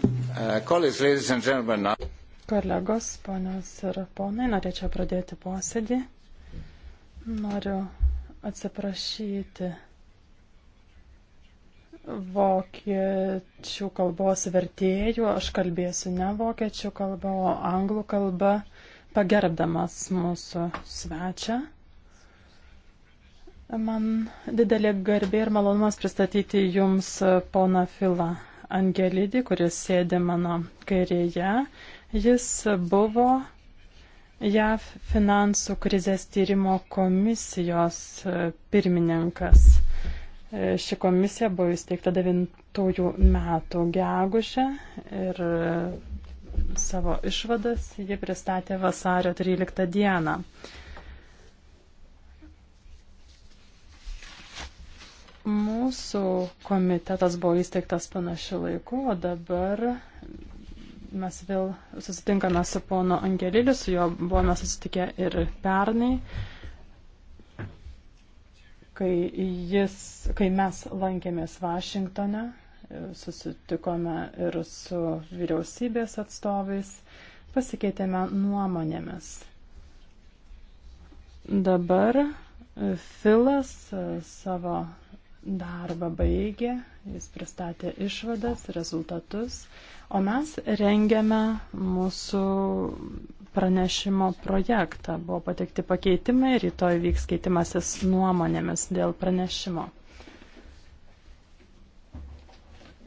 Uh, Kolegos, ponios ir ponai, norėčiau pradėti posėdį. Noriu atsiprašyti vokiečių kalbos vertėjų, aš kalbėsiu ne vokiečių kalba, o anglų kalba, pagerbdamas mūsų svečią. Man didelė garbė ir malonumas pristatyti Jums poną Filą. Angelidį, kuris sėdi mano kairėje. Jis buvo JAV finansų krizės tyrimo komisijos e, pirmininkas. E, ši komisija buvo įsteigta 9 metų gegužę ir e, savo išvadas jie pristatė vasario 13 dieną. Mūsų komitetas buvo įsteigtas panašiu laiku, o dabar mes vėl susitinkame su pono Angeliliu, su juo buvome susitikę ir pernai, kai, jis, kai mes lankėmės Vašingtone, susitikome ir su vyriausybės atstovais, pasikeitėme nuomonėmis. Dabar Filas savo darbą baigė, jis pristatė išvadas, rezultatus, o mes rengiame mūsų pranešimo projektą. Buvo pateikti pakeitimai, rytoj vyks keitimasis nuomonėmis dėl pranešimo.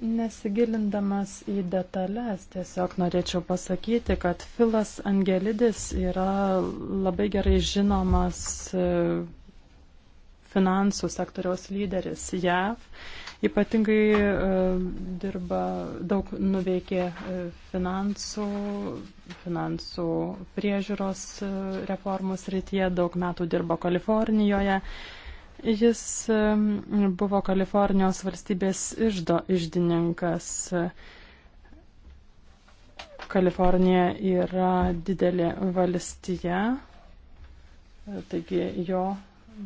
Nesigilindamas į detalės, tiesiog norėčiau pasakyti, kad Filas Angelidis yra labai gerai žinomas finansų sektoriaus lyderis JAV. Ypatingai e, dirba daug nuveikė e, finansų, finansų priežiūros e, reformos rytyje, daug metų dirbo Kalifornijoje. Jis buvo Kalifornijos valstybės išdo išdininkas. Kalifornija yra didelė valstija, taigi jo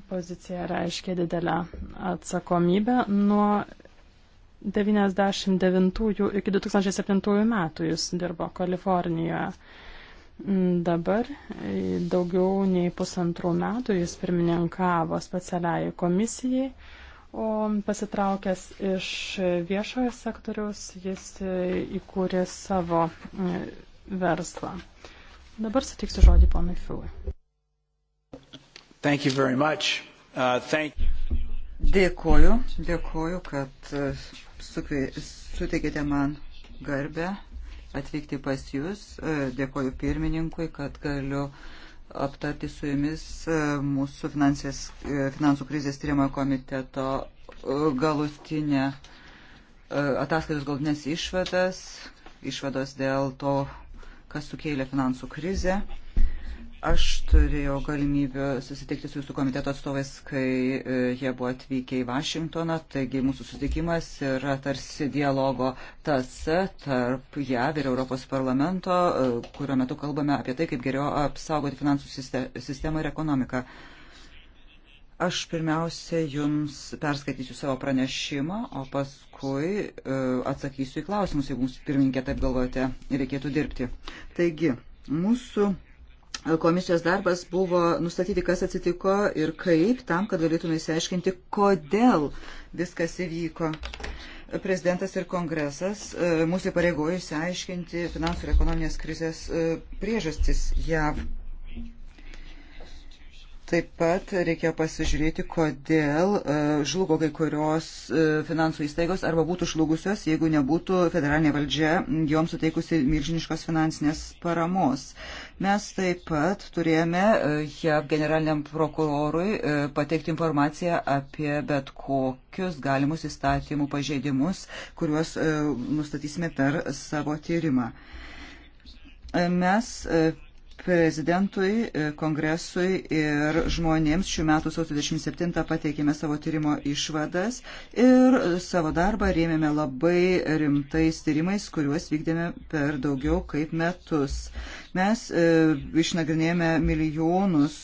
pozicija reiškia didelę atsakomybę nuo 99 iki 2007 metų jis dirbo Kalifornijoje. Mm, dabar daugiau nei pusantrų metų jis pirmininkavo specialiai komisijai, o pasitraukęs iš viešojo sektoriaus jis e, įkūrė savo e, verslą. Dabar sutiksiu žodį ponui Filui. Thank you very much. Uh, thank you. Dėkoju, dėkoju, kad uh, suteikėte man garbę atvykti pas Jūs. Uh, dėkoju pirmininkui, kad galiu aptarti su Jumis uh, mūsų finansės, finansų krizės tyrimo komiteto galutinę ataskaitos galutinės išvadas, išvados dėl to, kas sukėlė finansų krizę. Aš turėjau galimybę susitikti su jūsų komiteto atstovais, kai e, jie buvo atvykę į Vašingtoną, taigi mūsų susitikimas yra tarsi dialogo tasa tarp JAV ir Europos parlamento, e, kurio metu kalbame apie tai, kaip geriau apsaugoti finansų sistemą ir ekonomiką. Aš pirmiausia jums perskaitysiu savo pranešimą, o paskui e, atsakysiu į klausimus, jeigu mums pirmininkė taip galvojate, reikėtų dirbti. Taigi, mūsų komisijos darbas buvo nustatyti, kas atsitiko ir kaip, tam, kad galėtume įsiaiškinti, kodėl viskas įvyko. Prezidentas ir kongresas e, mūsų pareigojo įsiaiškinti finansų ir ekonominės krizės e, priežastis JAV. Taip pat reikia pasižiūrėti, kodėl e, žlugo kai kurios finansų įstaigos arba būtų žlugusios, jeigu nebūtų federalinė valdžia joms suteikusi milžiniškos finansinės paramos Mes taip pat turėjome e, JAV generaliniam prokurorui e, pateikti informaciją apie bet kokius galimus įstatymų pažeidimus, kuriuos e, nustatysime per savo tyrimą. Mes Prezidentui, e, kongresui ir žmonėms šių metų sausio 27 pateikėme savo tyrimo išvadas ir savo darbą rėmėme labai rimtais tyrimais, kuriuos vykdėme per daugiau kaip metus. Mes e, išnagrinėjome milijonus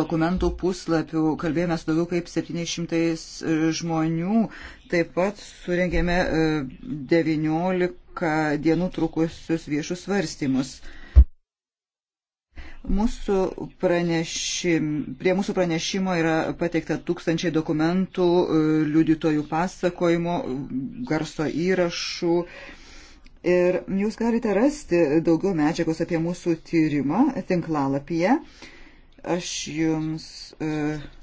dokumentų puslapių, kalbėjome su daugiau kaip 700 e, žmonių, taip pat surengėme 19 e, dienų trukusius viešus svarstymus. Mūsų pranešim, prie mūsų pranešimo yra pateikta tūkstančiai dokumentų, e, liudytojų pasakojimų, garso įrašų. Ir jūs galite rasti daugiau medžiagos apie mūsų tyrimą tinklalapyje. Aš jums e,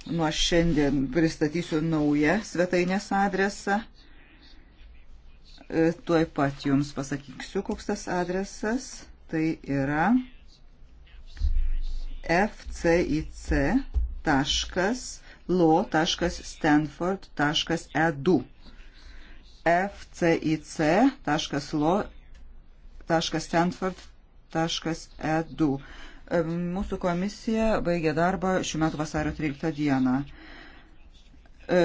nuo šiandien pristatysiu naują svetainės adresą. E, tuoj pat jums pasakysiu, koks tas adresas. Tai yra fcic.lo.stanford.edu fcic.lo.stanford.edu Mūsų komisija baigė darbą šiuo metu vasario 13 dieną. E,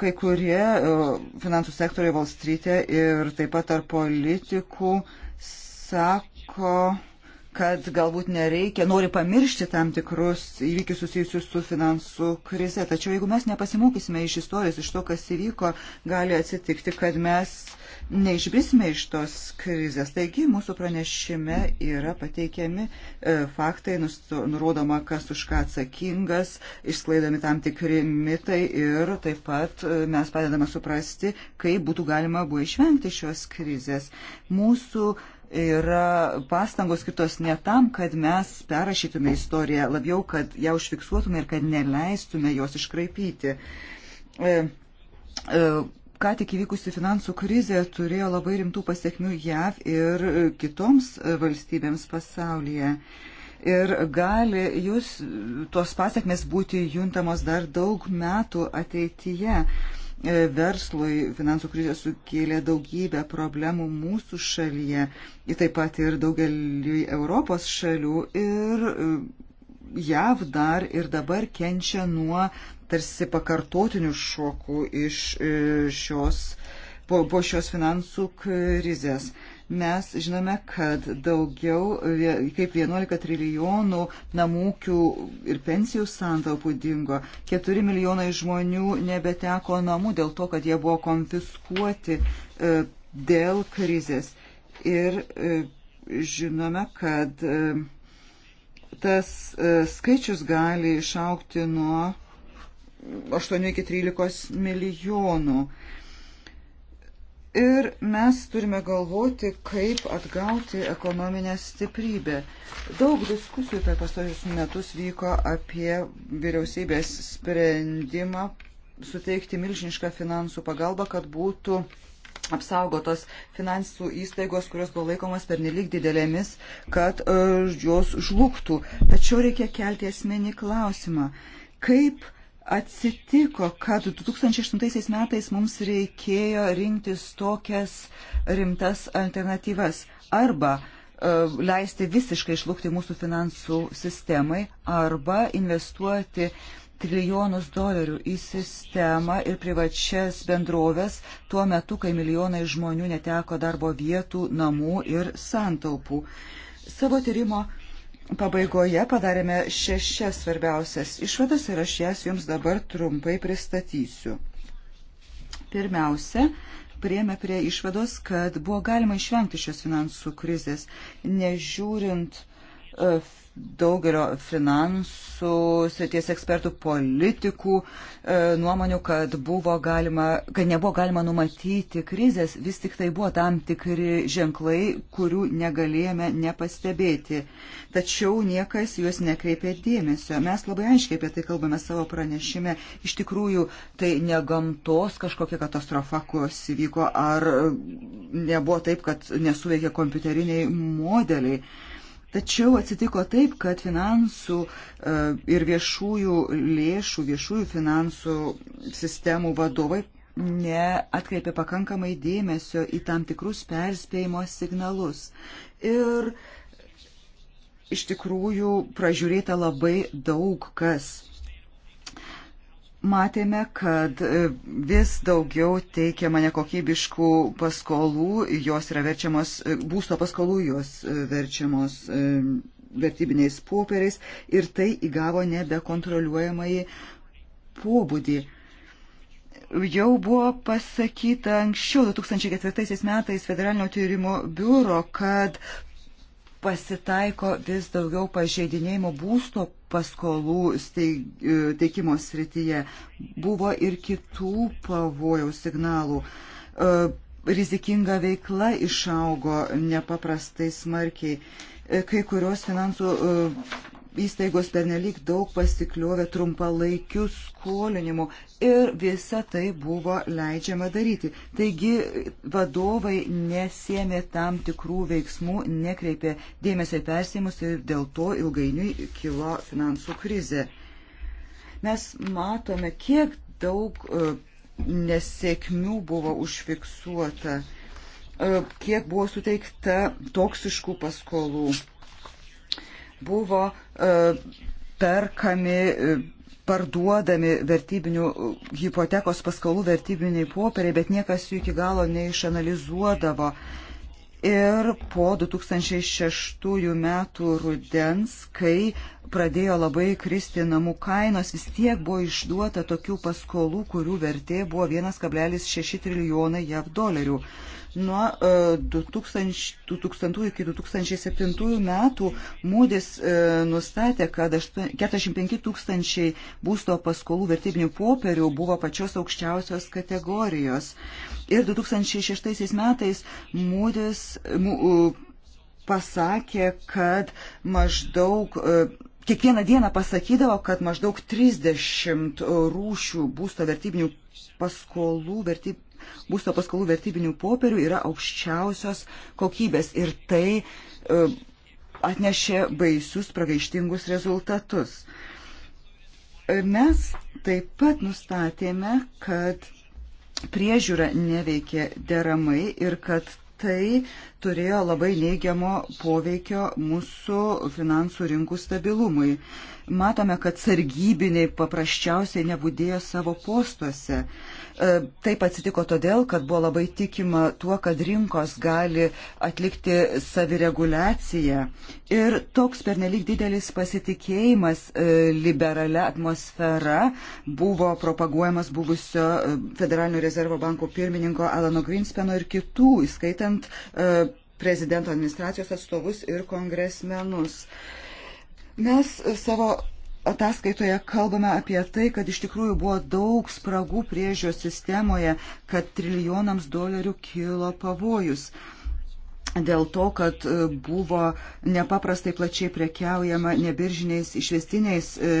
kai kurie e, finansų sektoriai Wall Street'e ir taip pat tarp politikų sako, kad galbūt nereikia, nori pamiršti tam tikrus įvykius susijusius su finansų krize. Tačiau jeigu mes nepasimokysime iš istorijos, iš to, kas įvyko, gali atsitikti, kad mes neišbrisime iš tos krizės. Taigi mūsų pranešime yra pateikiami e, faktai, nurodoma, kas už ką atsakingas, išsklaidami tam tikri mitai ir taip pat e, mes padedame suprasti, kaip būtų galima buvo išvengti šios krizės. Mūsų e, yra pastangos skirtos ne tam, kad mes perrašytume istoriją, labiau, kad ją užfiksuotume ir kad neleistume jos iškraipyti. E, e, ką tik įvykusi finansų krizė turėjo labai rimtų pasiekmių JAV ir kitoms valstybėms pasaulyje. Ir gali jūs tos pasiekmes būti juntamos dar daug metų ateityje. E, E, verslui finansų krizė sukėlė daugybę problemų mūsų šalyje, taip pat ir daugeliu Europos šalių ir e, JAV dar ir dabar kenčia nuo tarsi pakartotinių šokų iš e, šios, po, po šios finansų krizės mes žinome, kad daugiau kaip 11 trilijonų namūkių ir pensijų santaupų dingo. 4 milijonai žmonių nebeteko namų dėl to, kad jie buvo konfiskuoti e, dėl krizės. Ir e, žinome, kad e, tas skaičius gali išaukti nuo 8 iki 13 milijonų. Ir mes turime galvoti, kaip atgauti ekonominę stiprybę. Daug diskusijų per pastarus metus vyko apie vyriausybės sprendimą suteikti milžinišką finansų pagalbą, kad būtų apsaugotos finansų įstaigos, kurios buvo laikomas pernelyg didelėmis, kad uh, jos žlugtų. Tačiau reikia kelti esmenį klausimą. Kaip atsitiko, kad 2008 metais mums reikėjo rinktis tokias rimtas alternatyvas arba e, leisti visiškai išlūkti mūsų finansų sistemai arba investuoti trilijonus dolerių į sistemą ir privačias bendrovės tuo metu, kai milijonai žmonių neteko darbo vietų, namų ir santaupų. Savo tyrimo pabaigoje padarėme šešias svarbiausias išvadas ir aš jas jums dabar trumpai pristatysiu. Pirmiausia, priemė prie išvados, kad buvo galima išvengti šios finansų krizės, nežiūrint e, daugelio finansų srities ekspertų, politikų e, nuomonių, kad, galima, kad nebuvo galima numatyti krizės, vis tik tai buvo tam tikri ženklai, kurių negalėjome nepastebėti. Tačiau niekas juos nekreipė dėmesio. Mes labai aiškiai apie tai kalbame savo pranešime. Iš tikrųjų, tai ne gamtos kažkokia katastrofa, kurios įvyko, ar nebuvo taip, kad nesuveikė kompiuteriniai modeliai. Tačiau atsitiko taip, kad finansų e, ir viešųjų lėšų, viešųjų finansų sistemų vadovai neatkreipė pakankamai dėmesio į tam tikrus perspėjimo signalus. Ir iš tikrųjų pražiūrėta labai daug kas matėme, kad e, vis daugiau teikiama nekokybiškų paskolų, jos yra verčiamos, e, būsto paskolų jos e, verčiamos vertybiniais popieriais ir tai įgavo nebekontroliuojamai pobūdį. Jau buvo pasakyta anksčiau, 2004 metais federalinio tyrimo biuro, kad pasitaiko vis daugiau pažeidinėjimo būsto paskolų e, teikimo srityje. Buvo ir kitų pavojaus signalų. E, rizikinga veikla išaugo nepaprastai smarkiai. E, kai kurios finansų įstaigos pernelyg daug pasikliovė trumpalaikių skolinimų ir visa tai buvo leidžiama daryti. Taigi vadovai nesėmė tam tikrų veiksmų, nekreipė dėmesio į persimus ir dėl to ilgainiui kilo finansų krizė. Mes matome, kiek daug e, nesėkmių buvo užfiksuota, e, kiek buvo suteikta toksiškų paskolų buvo e, perkami, e, parduodami vertybinių e, hipotekos paskolų vertybiniai popieriai, bet niekas jų iki galo neišanalizuodavo. Ir po 2006 metų rudens, kai pradėjo labai kristi namų kainos, vis tiek buvo išduota tokių paskolų, kurių vertė buvo 1,6 trilijonai JAV dolerių. Nuo 2000, e, 2000 iki 2007 metų Mūdis e, nustatė, kad 45 tūkstančiai būsto paskolų vertybinių popierių buvo pačios aukščiausios kategorijos. Ir 2006 metais Mūdis pasakė, kad maždaug e, kiekvieną dieną pasakydavo, kad maždaug 30 rūšių būsto vertybinių paskolų vertyb, būsto paskolų vertybinių popierių yra aukščiausios kokybės ir tai e, atnešė baisius pragaištingus rezultatus. E, mes taip pat nustatėme, kad priežiūra neveikė deramai ir kad tai turėjo labai neigiamo poveikio mūsų finansų rinkų stabilumui matome, kad sargybiniai paprasčiausiai nebūdėjo savo postuose. E, taip atsitiko todėl, kad buvo labai tikima tuo, kad rinkos gali atlikti savireguliaciją. Ir toks pernelyg didelis pasitikėjimas e, liberalia atmosfera buvo propaguojamas buvusio e, Federalinio rezervo banko pirmininko Alano Grinspeno ir kitų, įskaitant prezidento administracijos atstovus ir kongresmenus. Uh, Mes savo ataskaitoje kalbame apie tai, kad iš tikrųjų buvo daug spragų priežios sistemoje, kad trilijonams dolerių kilo pavojus. Dėl to, kad e, buvo nepaprastai plačiai prekiaujama nebiržiniais išvestiniais e,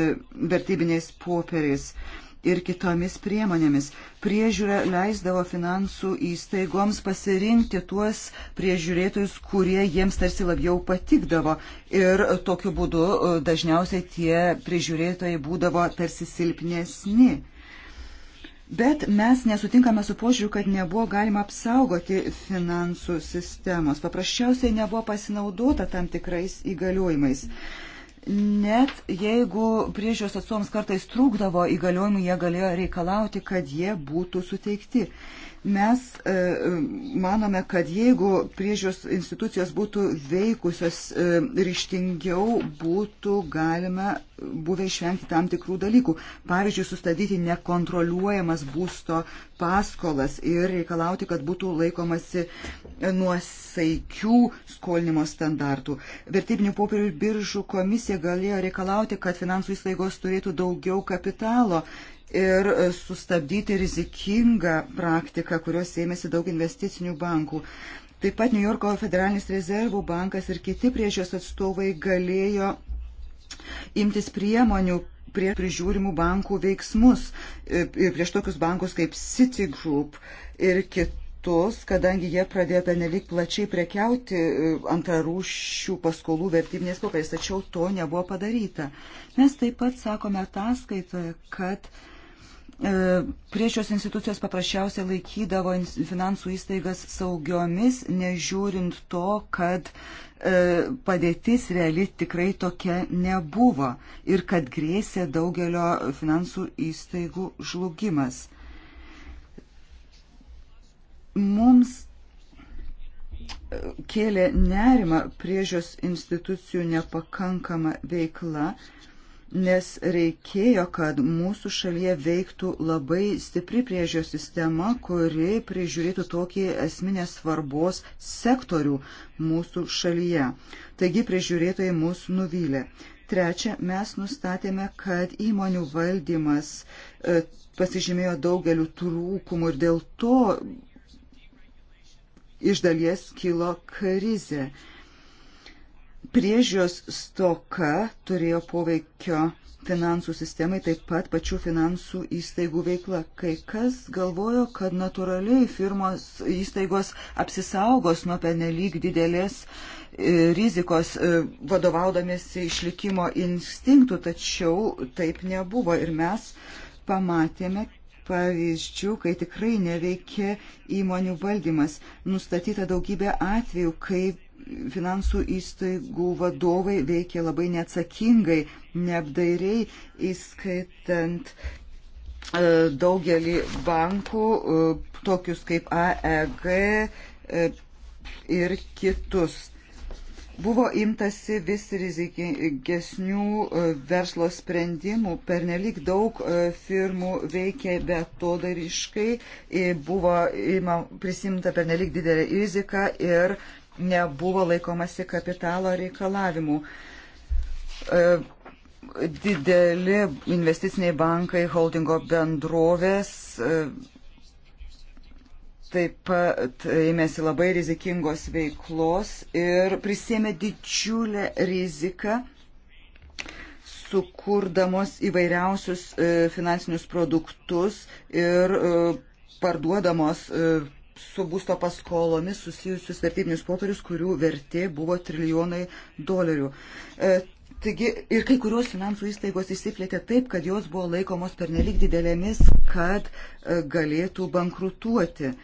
vertybiniais popieriais. E, ir kitomis priemonėmis. Priežiūra leisdavo finansų įstaigoms pasirinkti tuos priežiūrėtojus, kurie jiems tarsi labiau patikdavo. Ir tokiu būdu e, dažniausiai tie priežiūrėtojai būdavo tarsi silpnesni. Bet mes nesutinkame su požiūriu, kad nebuvo galima apsaugoti finansų sistemos. Paprasčiausiai nebuvo pasinaudota tam tikrais įgaliojimais. Mm Net jeigu priežiūros atstoms kartais trūkdavo įgaliojimų, jie galėjo reikalauti, kad jie būtų suteikti. Mes e, e, manome, kad jeigu priežios institucijos būtų veikusios e, ryštingiau, būtų galima buvę išvengti tam tikrų dalykų. Pavyzdžiui, sustabdyti nekontroliuojamas būsto paskolas ir reikalauti, kad būtų laikomasi e, nuosaikių skolinimo standartų. Vertybinių popierių biržų komisija galėjo reikalauti, kad finansų įstaigos turėtų daugiau kapitalo ir e, sustabdyti rizikingą praktiką, kurios ėmėsi daug investicinių bankų. Taip pat New Yorko federalinis rezervų bankas ir kiti priežios atstovai galėjo imtis priemonių prie prižiūrimų bankų veiksmus e, ir prieš tokius bankus kaip Citigroup ir kitus, kadangi jie pradėjo penelik plačiai prekiauti e, antrarūšių paskolų vertybinės popieriais, tačiau to nebuvo padaryta. Mes taip pat sakome ataskaitoje, kad E, priešios institucijos paprasčiausiai laikydavo finansų įstaigas saugiomis, nežiūrint to, kad e, padėtis reali tikrai tokia nebuvo ir kad grėsė daugelio finansų įstaigų žlugimas. Mums e, kėlė nerima priežios institucijų nepakankama veikla, nes reikėjo, kad mūsų šalyje veiktų labai stipri priežios sistema, kuri prižiūrėtų tokį esminės svarbos sektorių mūsų šalyje. Taigi prižiūrėtojai mus nuvylė. Trečia, mes nustatėme, kad įmonių valdymas e, pasižymėjo daugeliu trūkumų ir dėl to iš dalies kilo krizė. E, Priežios stoka turėjo poveikio finansų sistemai, taip pat pačių finansų įstaigų veikla. Kai kas galvojo, kad natūraliai firmos įstaigos apsisaugos nuo penelyg didelės e, rizikos e, vadovaudamėsi išlikimo instinktų, tačiau taip nebuvo. Ir mes pamatėme pavyzdžių, kai tikrai neveikia įmonių valdymas. Nustatyta daugybė atvejų, kai finansų įstaigų vadovai veikė labai neatsakingai, neapdairiai, įskaitant e, daugelį bankų, e, tokius kaip AEG e, ir kitus. Buvo imtasi vis rizikingesnių verslo sprendimų, pernelik daug firmų veikė betodariškai, buvo prisimta pernelik didelė rizika ir uh, nebuvo laikomasi kapitalo reikalavimų. E, dideli investiciniai bankai, holdingo bendrovės e, taip pat ėmėsi labai rizikingos veiklos ir prisėmė didžiulę riziką sukurdamos įvairiausius e, finansinius produktus ir parduodamos su būsto paskolomis susijusius vertybinius popierius, kurių vertė buvo trilijonai dolerių. E, taigi ir kai kurios finansų įstaigos išsiplėtė taip, kad jos buvo laikomos pernelyg didelėmis, kad e, galėtų bankrutuoti.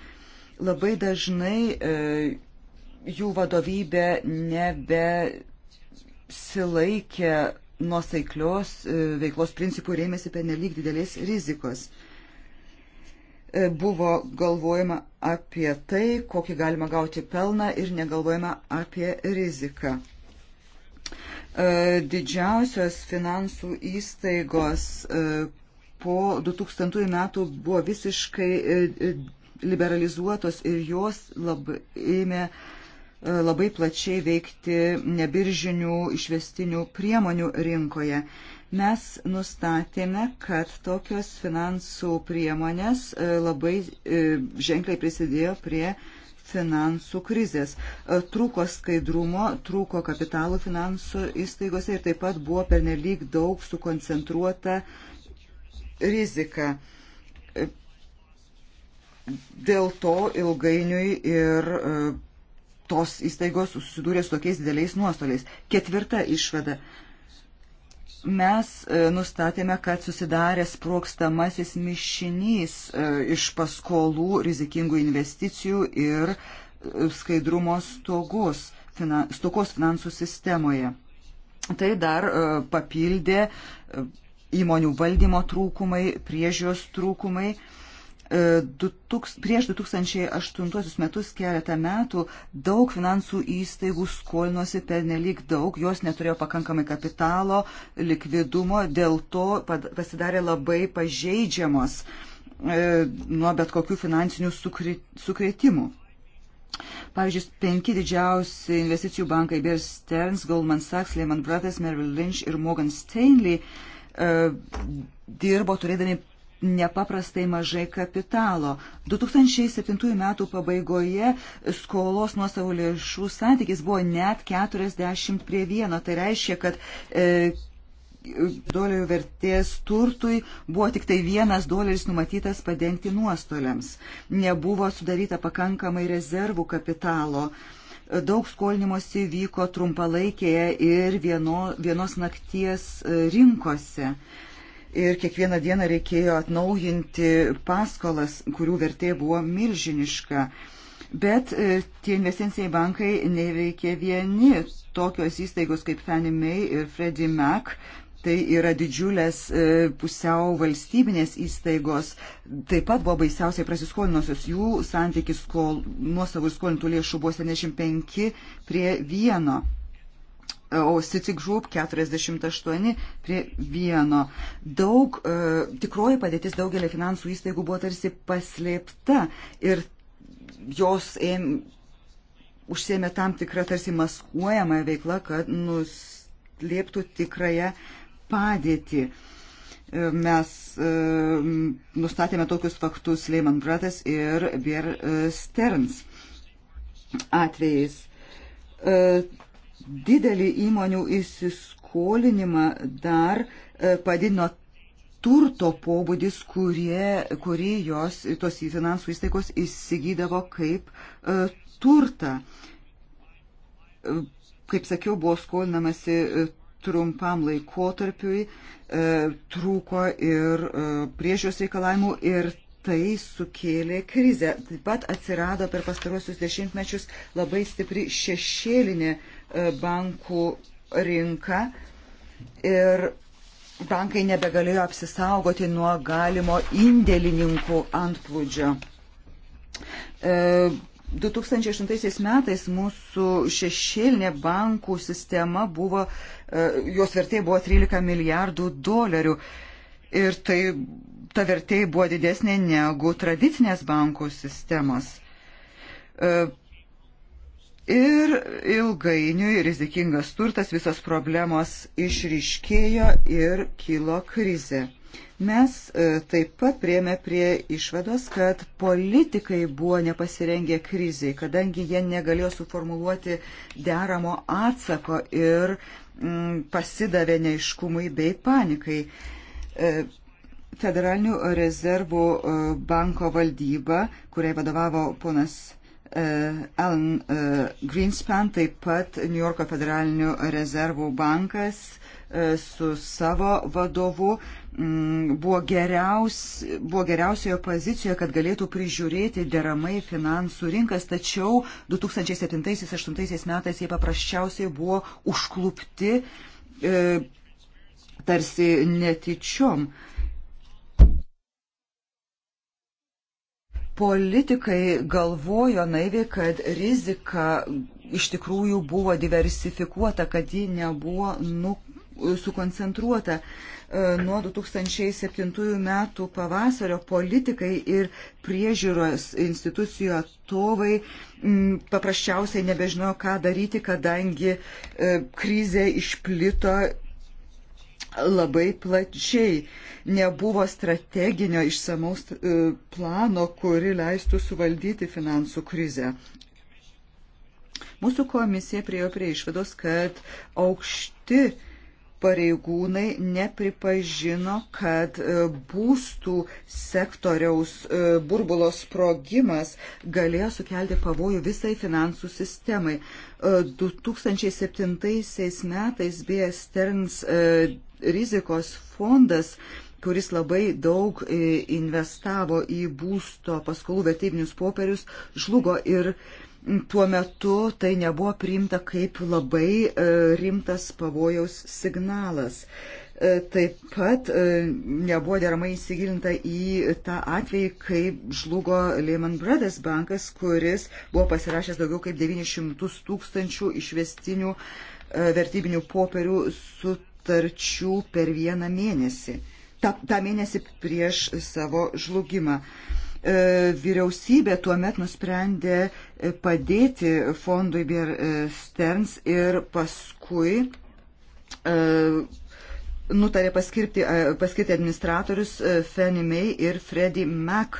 Labai dažnai e, jų vadovybė nebe silaikė nuosaiklios e, veiklos principų rėmėsi pernelyg didelės rizikos. E, E, buvo galvojama apie tai, kokį galima gauti pelną ir negalvojama apie riziką. E, didžiausios finansų įstaigos e, po 2000 metų buvo visiškai liberalizuotos ir jos labai, ėmė labai plačiai veikti nebiržinių išvestinių priemonių rinkoje. Mes nustatėme, kad tokios finansų priemonės e, labai e, ženkliai prisidėjo prie finansų krizės. E, trūko skaidrumo, trūko kapitalų finansų įstaigose ir taip pat buvo pernelyg daug sukoncentruota rizika. Dėl to ilgainiui ir tos įstaigos susidūrė su tokiais dideliais nuostoliais. Ketvirta išvada mes e, nustatėme, kad susidarė sprokstamasis mišinys e, iš paskolų, rizikingų investicijų ir e, skaidrumo stogos, finan, stokos finansų sistemoje. Tai dar papildė įmonių valdymo trūkumai, priežios trūkumai. E, prieš 2008 metus keletą metų daug finansų įstaigų skolinosi per nelik daug, jos neturėjo pakankamai kapitalo, likvidumo, dėl to pasidarė labai pažeidžiamos e, nuo bet kokių finansinių sukretimų. Pavyzdžiui, penki didžiausi investicijų bankai Bear Stearns, Goldman Sachs, Lehman Brothers, Merrill Lynch ir Morgan Stanley e, dirbo turėdami nepaprastai mažai kapitalo. 2007 metų pabaigoje skolos nuo savo lėšų santykis buvo net 40 prie 1. Tai reiškia, kad e, dolerių vertės turtui buvo tik tai vienas doleris numatytas padengti nuostoliams. Nebuvo sudaryta pakankamai rezervų kapitalo. Daug skolinimosi vyko trumpalaikėje ir vieno, vienos nakties e, rinkose. E, ir kiekvieną dieną reikėjo atnaujinti paskolas, kurių vertė buvo milžiniška. Bet e, tie investiciniai bankai neveikė vieni. Tokios įstaigos kaip Fannie Mae ir Freddie Mac tai yra didžiulės e, pusiau valstybinės įstaigos, taip pat buvo baisiausiai prasiskolinusios, jų santykis skol, nuosavų skolintų lėšų buvo 75 prie 1 o City Group 48 prie 1. Daug, e, tikroji padėtis daugelio finansų įstaigų buvo tarsi paslėpta ir jos ėm, užsėmė tam tikrą tarsi maskuojamą veiklą, kad nuslėptų tikrąją padėtį. E, mes e, nustatėme tokius faktus Lehman Brothers ir Bear e, Stearns atvejais. E, didelį įmonių įsiskolinimą dar e, padidino turto pobūdis, kurie, kurį jos tos finansų įstaigos įsigydavo kaip e, turtą. E, kaip sakiau, buvo skolinamasi e, trumpam laikotarpiui, e, trūko ir e, priežios reikalavimų ir tai sukėlė krizę. Taip pat atsirado per pastaruosius dešimtmečius labai stipri šešėlinė e, bankų rinką ir bankai nebegalėjo apsisaugoti nuo galimo indėlininkų antplūdžio. 2008 e, metais mūsų šešėlinė bankų sistema buvo, e, jos vertė buvo 13 milijardų dolerių. Ir tai ta vertė buvo didesnė negu tradicinės bankų sistemos. E, Ir ilgainiui rizikingas turtas, visos problemos išryškėjo ir kilo krizė. Mes e, taip pat prieme prie išvados, kad politikai buvo nepasirengę kriziai, kadangi jie negalėjo suformuluoti deramo atsako ir mm, pasidavė neiškumui bei panikai. E, Federalinių rezervų e, banko valdyba, kuriai vadovavo ponas E, Alan e, Greenspan, taip pat New Yorko federalinių rezervų bankas e, su savo vadovu mm, buvo, geriaus, buvo geriausioje pozicijoje, kad galėtų prižiūrėti deramai finansų rinkas, tačiau 2007-2008 metais jie paprasčiausiai buvo užklupti tarsi netyčiom. E, politikai galvojo naiviai, kad rizika iš tikrųjų buvo diversifikuota, kad ji nebuvo nu, sukoncentruota. E, nuo 2007 metų pavasario politikai ir priežiūros institucijų atstovai paprasčiausiai nebežinojo, ką daryti, kadangi e, krizė išplito labai plačiai. Nebuvo strateginio išsamaus e, plano, kuri leistų suvaldyti finansų krizę. Mūsų komisija priejo prie išvados, kad aukšti pareigūnai nepripažino, kad e, būstų sektoriaus e, burbulo sprogimas galėjo sukelti pavojų visai finansų sistemai. 2007 metais B. Sterns rizikos fondas, kuris labai daug e, investavo į būsto paskolų vertybinius popierius, žlugo ir tuo metu tai nebuvo priimta kaip labai e, rimtas pavojaus signalas. E, taip pat nebuvo deramai įsigilinta į tą atvejį, kai žlugo Lehman Brothers bankas, kuris buvo pasirašęs daugiau kaip 900 tūkstančių išvestinių vertybinių popierių su sutarčių per vieną mėnesį, tą, tą mėnesį prieš savo žlugimą. E, vyriausybė tuo met nusprendė e, padėti fondui Bier e, Sterns ir paskui nutarė paskirti, paskirti administratorius Fannie Mae ir Freddie Mac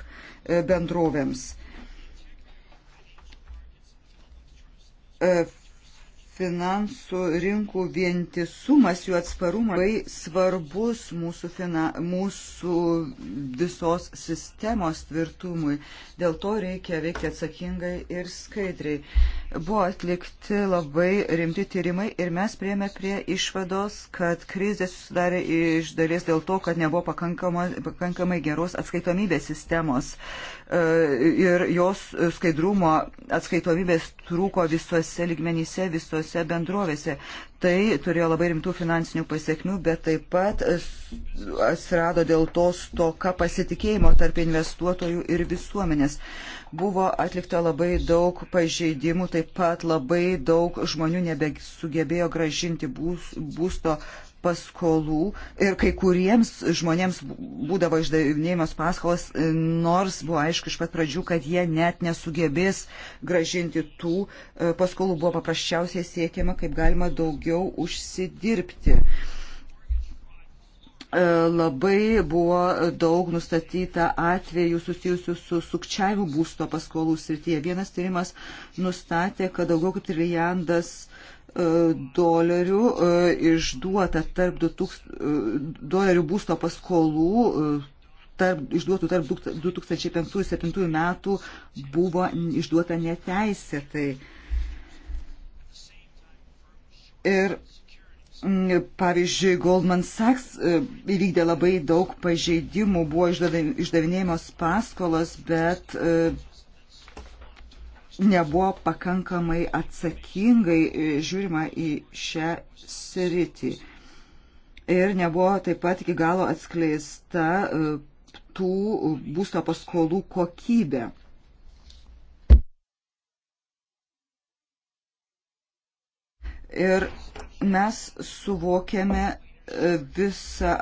bendrovėms finansų rinkų vientisumas, jų atsparumas labai svarbus mūsų, fina, mūsų visos sistemos tvirtumui. Dėl to reikia veikti atsakingai ir skaidriai. Buvo atlikti labai rimti tyrimai ir mes prieėmė prie išvados, kad krizė susidarė iš dalies dėl to, kad nebuvo pakankamai geros atskaitomybės sistemos. E, ir jos skaidrumo atskaitomybės trūko visuose ligmenyse, visose bendrovėse. Tai turėjo labai rimtų finansinių pasiekmių, bet taip pat atsirado dėl to stoka pasitikėjimo tarp investuotojų ir visuomenės. Buvo atlikta labai daug pažeidimų, taip pat labai daug žmonių nebesugebėjo gražinti būs, būsto paskolų ir kai kuriems žmonėms būdavo išdavinėjimas paskolas, e, nors buvo aišku iš pat pradžių, kad jie net nesugebės gražinti tų e, paskolų, buvo paprasčiausiai siekiama, kaip galima daugiau užsidirbti. E, labai buvo daug nustatyta atvejų susijusių su sukčiavimu būsto paskolų srityje. Vienas tyrimas nustatė, kad daugiau kaip trilijandas E, dolerių e, išduota tarp 2000, e, dolerių būsto paskolų tarp, išduotų tarp 2005-2007 metų buvo išduota neteisėtai. Ir pavyzdžiui, Goldman Sachs įvykdė labai daug pažeidimų, buvo išdavinėjimos paskolos, bet nebuvo pakankamai atsakingai e, žiūrima į šią sritį. Ir nebuvo taip pat iki galo atskleista e, tų būsto paskolų kokybė. Ir mes suvokėme e, visą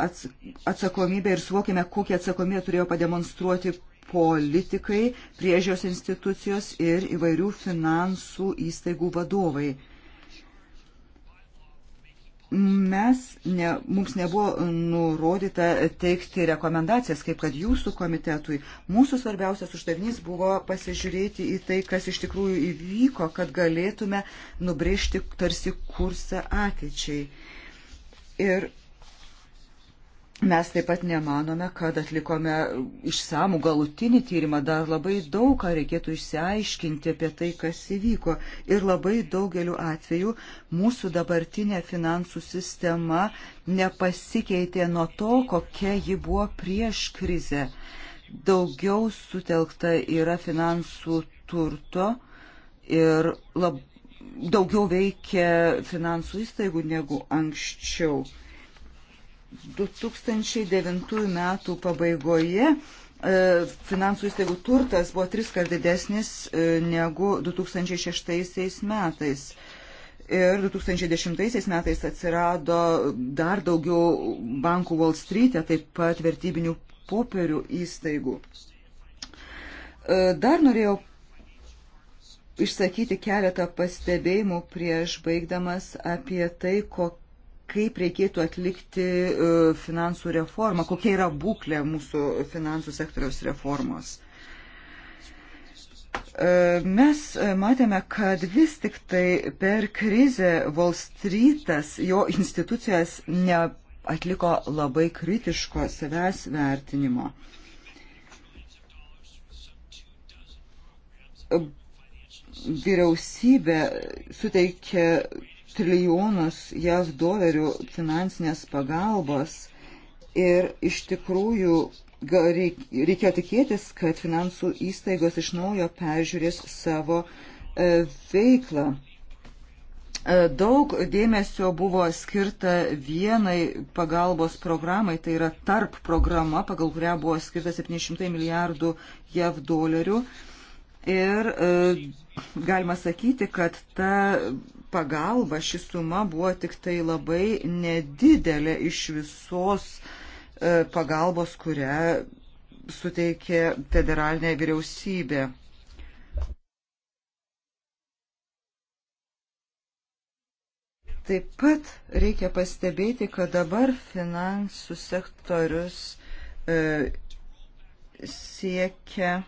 atsakomybę ir suvokėme, kokią atsakomybę turėjo pademonstruoti politikai, priežios institucijos ir įvairių finansų įstaigų vadovai mes, ne, mums nebuvo nurodyta teikti rekomendacijas, kaip kad jūsų komitetui. Mūsų svarbiausias uždavinys buvo pasižiūrėti į tai, kas iš tikrųjų įvyko, kad galėtume nubrėžti tarsi kursą ateičiai. Ir Mes taip pat nemanome, kad atlikome išsamų galutinį tyrimą, dar labai daug ką reikėtų išsiaiškinti apie tai, kas įvyko. Ir labai daugeliu atveju mūsų dabartinė finansų sistema nepasikeitė nuo to, kokia ji buvo prieš krizę. Daugiau sutelkta yra finansų turto ir lab, daugiau veikia finansų įstaigų negu anksčiau 2009 metų pabaigoje e, finansų įstaigų turtas buvo tris kart didesnis e, negu 2006 metais. Ir 2010 metais atsirado dar daugiau bankų Wall Street, e, taip pat vertybinių popierių įstaigų. E, dar norėjau išsakyti keletą pastebėjimų prieš baigdamas apie tai, kokia kaip reikėtų atlikti e, finansų reformą, kokia yra būklė mūsų finansų sektoriaus reformos. E, mes matėme, kad vis tik tai per krizę Wall Streetas, jo institucijas atliko labai kritiško savęs vertinimo. Vyriausybė suteikė trilijonus JAV dolerių finansinės pagalbos ir iš tikrųjų reikėjo tikėtis, kad finansų įstaigos iš naujo peržiūrės savo e, veiklą. E, daug dėmesio buvo skirta vienai pagalbos programai, tai yra tarp programa, pagal kurią buvo skirta 700 milijardų jav dolerių. Ir e, galima sakyti, kad ta pagalba ši suma buvo tik tai labai nedidelė iš visos e, pagalbos, kurią suteikė federalinė vyriausybė. Taip pat reikia pastebėti, kad dabar finansų sektorius e, siekia e,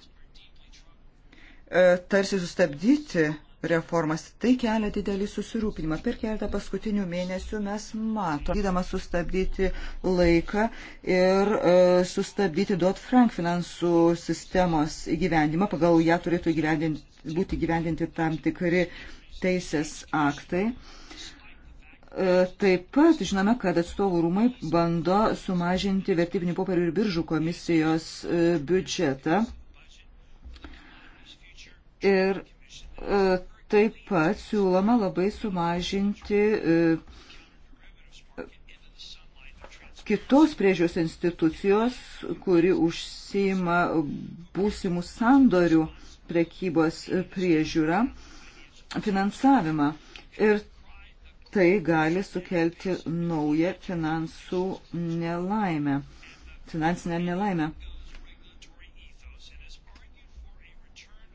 tarsi sustabdyti reformas. Tai kelia didelį susirūpinimą. Per keletą paskutinių mėnesių mes matome, bandydama sustabdyti laiką ir e, sustabdyti duot frank finansų sistemos įgyvendimą. Pagal ją turėtų įgyvendinti, būti įgyvendinti tam tikri teisės aktai. E, taip pat žinome, kad atstovų rūmai bando sumažinti vertybinių popierių ir biržų komisijos e, biudžetą. Ir e, Taip pat siūloma labai sumažinti e, kitos priežios institucijos, kuri užsima būsimų sandorių prekybos priežiūrą, finansavimą. Ir tai gali sukelti naują finansų nelaimę, finansinę nelaimę.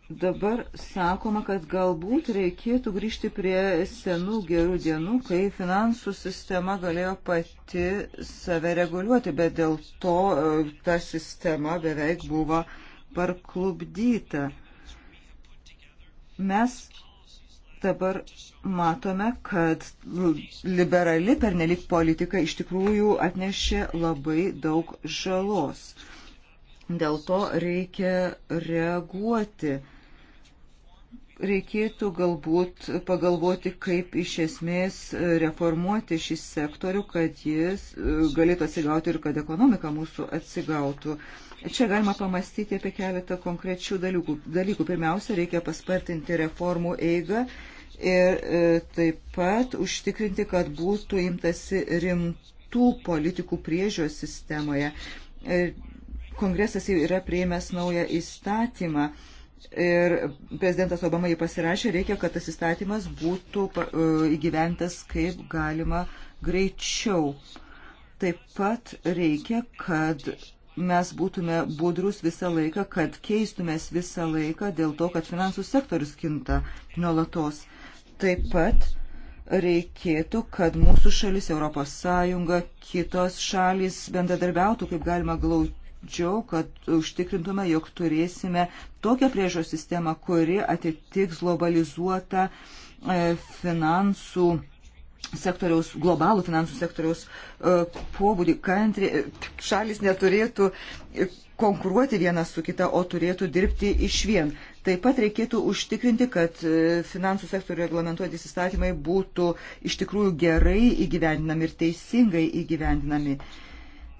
Dabar sakoma, kad galbūt reikėtų grįžti prie senų gerų dienų, kai finansų sistema galėjo pati save reguliuoti, bet dėl to e, ta sistema beveik buvo parklubdyta. Mes dabar matome, kad liberali pernelik politika iš tikrųjų atnešė labai daug žalos. Dėl to reikia reaguoti reikėtų galbūt pagalvoti, kaip iš esmės e, reformuoti šį sektorių, kad jis e, galėtų atsigauti ir kad ekonomika mūsų atsigautų. Čia galima pamastyti apie keletą konkrečių dalykų. dalykų. Pirmiausia, reikia paspartinti reformų eigą ir e, taip pat užtikrinti, kad būtų imtasi rimtų politikų priežios sistemoje. Kongresas jau yra prieimęs naują įstatymą ir prezidentas Obama jį pasirašė, reikia, kad tas įstatymas būtų e, įgyventas kaip galima greičiau. Taip pat reikia, kad mes būtume budrus visą laiką, kad keistumės visą laiką dėl to, kad finansų sektorius kinta nuolatos. Taip pat reikėtų, kad mūsų šalis, ES, kitos šalis bendradarbiautų kaip galima glaučiau atidžiau, kad užtikrintume, jog turėsime tokią priežo sistemą, kuri atitiks globalizuotą e, finansų sektoriaus, globalų finansų sektoriaus e, pobūdį. Kantri, e, šalis neturėtų konkuruoti viena su kita, o turėtų dirbti iš vien. Taip pat reikėtų užtikrinti, kad finansų sektorių reglamentuojantis įstatymai būtų iš tikrųjų gerai įgyvendinami ir teisingai įgyvendinami. Uh,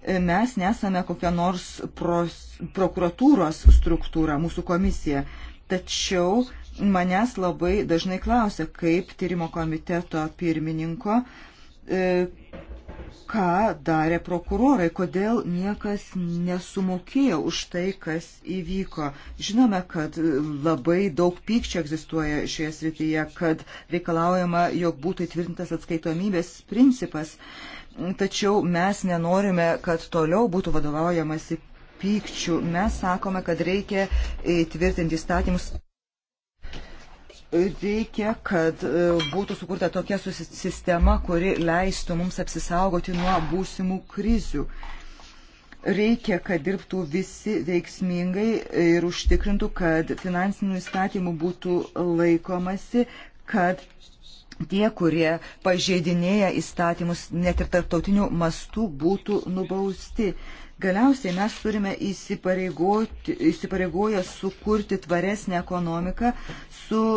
Mes nesame kokia nors pros, prokuratūros struktūra, mūsų komisija. Tačiau manęs labai dažnai klausia, kaip tyrimo komiteto pirmininko, e, ką darė prokurorai, kodėl niekas nesumokėjo už tai, kas įvyko. Žinome, kad labai daug pykčio egzistuoja šioje srityje, kad reikalaujama, jog būtų įtvirtintas atskaitomybės principas. E, Tačiau mes nenorime, kad toliau būtų vadovaujamasi pykčių. Mes sakome, kad reikia įtvirtinti įstatymus reikia, kad e, būtų sukurta tokia sistema, kuri leistų mums apsisaugoti nuo būsimų krizių. Reikia, kad dirbtų visi veiksmingai ir užtikrintų, kad finansinių įstatymų būtų laikomasi, kad tie, kurie pažeidinėja įstatymus net ir tarptautinių mastų, būtų nubausti. Galiausiai mes turime įsipareigoję sukurti tvaresnę ekonomiką, su e,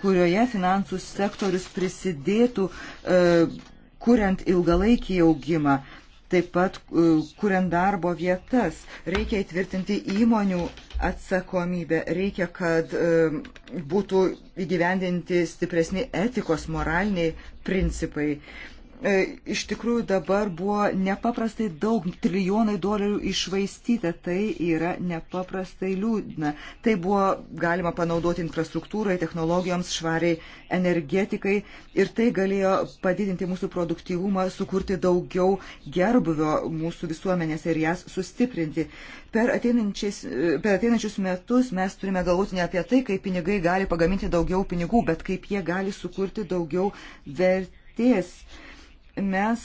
kurioje finansų sektorius prisidėtų e, kuriant ilgalaikį augimą, taip pat e, kuriant darbo vietas. Reikia įtvirtinti įmonių atsakomybę. Reikia, kad e, būtų įgyvendinti stipresni etikos moraliniai principai. E, iš tikrųjų dabar buvo nepaprastai daug trilijonai dolerių išvaistyta. Tai yra nepaprastai liūdna. Tai buvo galima panaudoti infrastruktūrai, technologijoms, švariai energetikai ir tai galėjo padidinti mūsų produktyvumą, sukurti daugiau gerbuvio mūsų visuomenėse ir jas sustiprinti. Per, e, per ateinančius metus mes turime galvoti ne apie tai, kaip pinigai gali pagaminti daugiau pinigų, bet kaip jie gali sukurti daugiau vertės. Uh, mes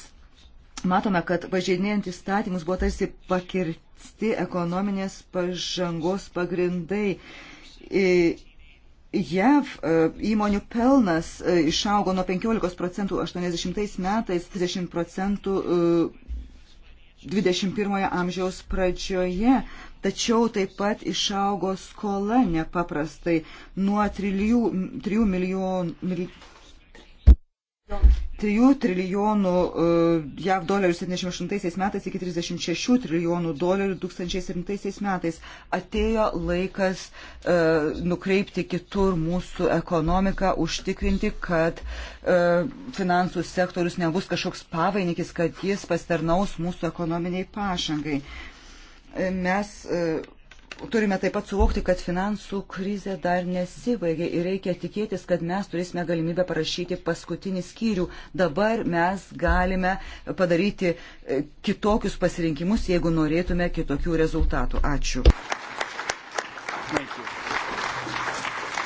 matome, kad pažeidinėjant įstatymus buvo tarsi pakirsti ekonominės pažangos pagrindai. JAV e, įmonių pelnas e, išaugo nuo 15 procentų 80 metais 30 procentų 21 e, amžiaus pradžioje, tačiau taip pat išaugo skola nepaprastai nuo 3, 3 milijonų 3 trilijonų e, JAV dolerių 78 metais iki 36 trilijonų dolerių 2007 metais atėjo laikas e, nukreipti kitur mūsų ekonomiką, užtikrinti, kad e, finansų sektorius nebus kažkoks pavainikis, kad jis pastarnaus mūsų ekonominiai pašangai. Mes turime taip pat suvokti, kad finansų krizė dar nesibaigė ir reikia tikėtis, kad mes turėsime galimybę parašyti paskutinį skyrių. Dabar mes galime padaryti e, kitokius pasirinkimus, jeigu norėtume kitokių rezultatų. Ačiū. Thank you.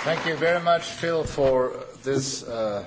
Thank you very much, Phil, for this, uh...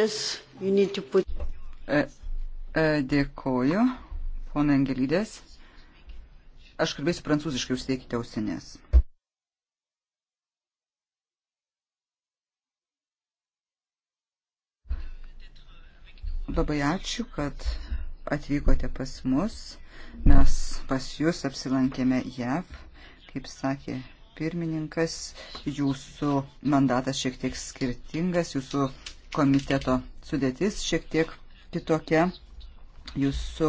Angelidės, you need to put. E, e, dėkoju, pona Angelidės. Aš kalbėsiu prancūziškai, užsidėkite ausinės. Labai ačiū, kad atvykote pas mus. Mes pas jūs apsilankėme JAV, kaip sakė pirmininkas. Jūsų mandatas šiek tiek skirtingas, jūsų komiteto sudėtis šiek tiek kitokia. Jūsų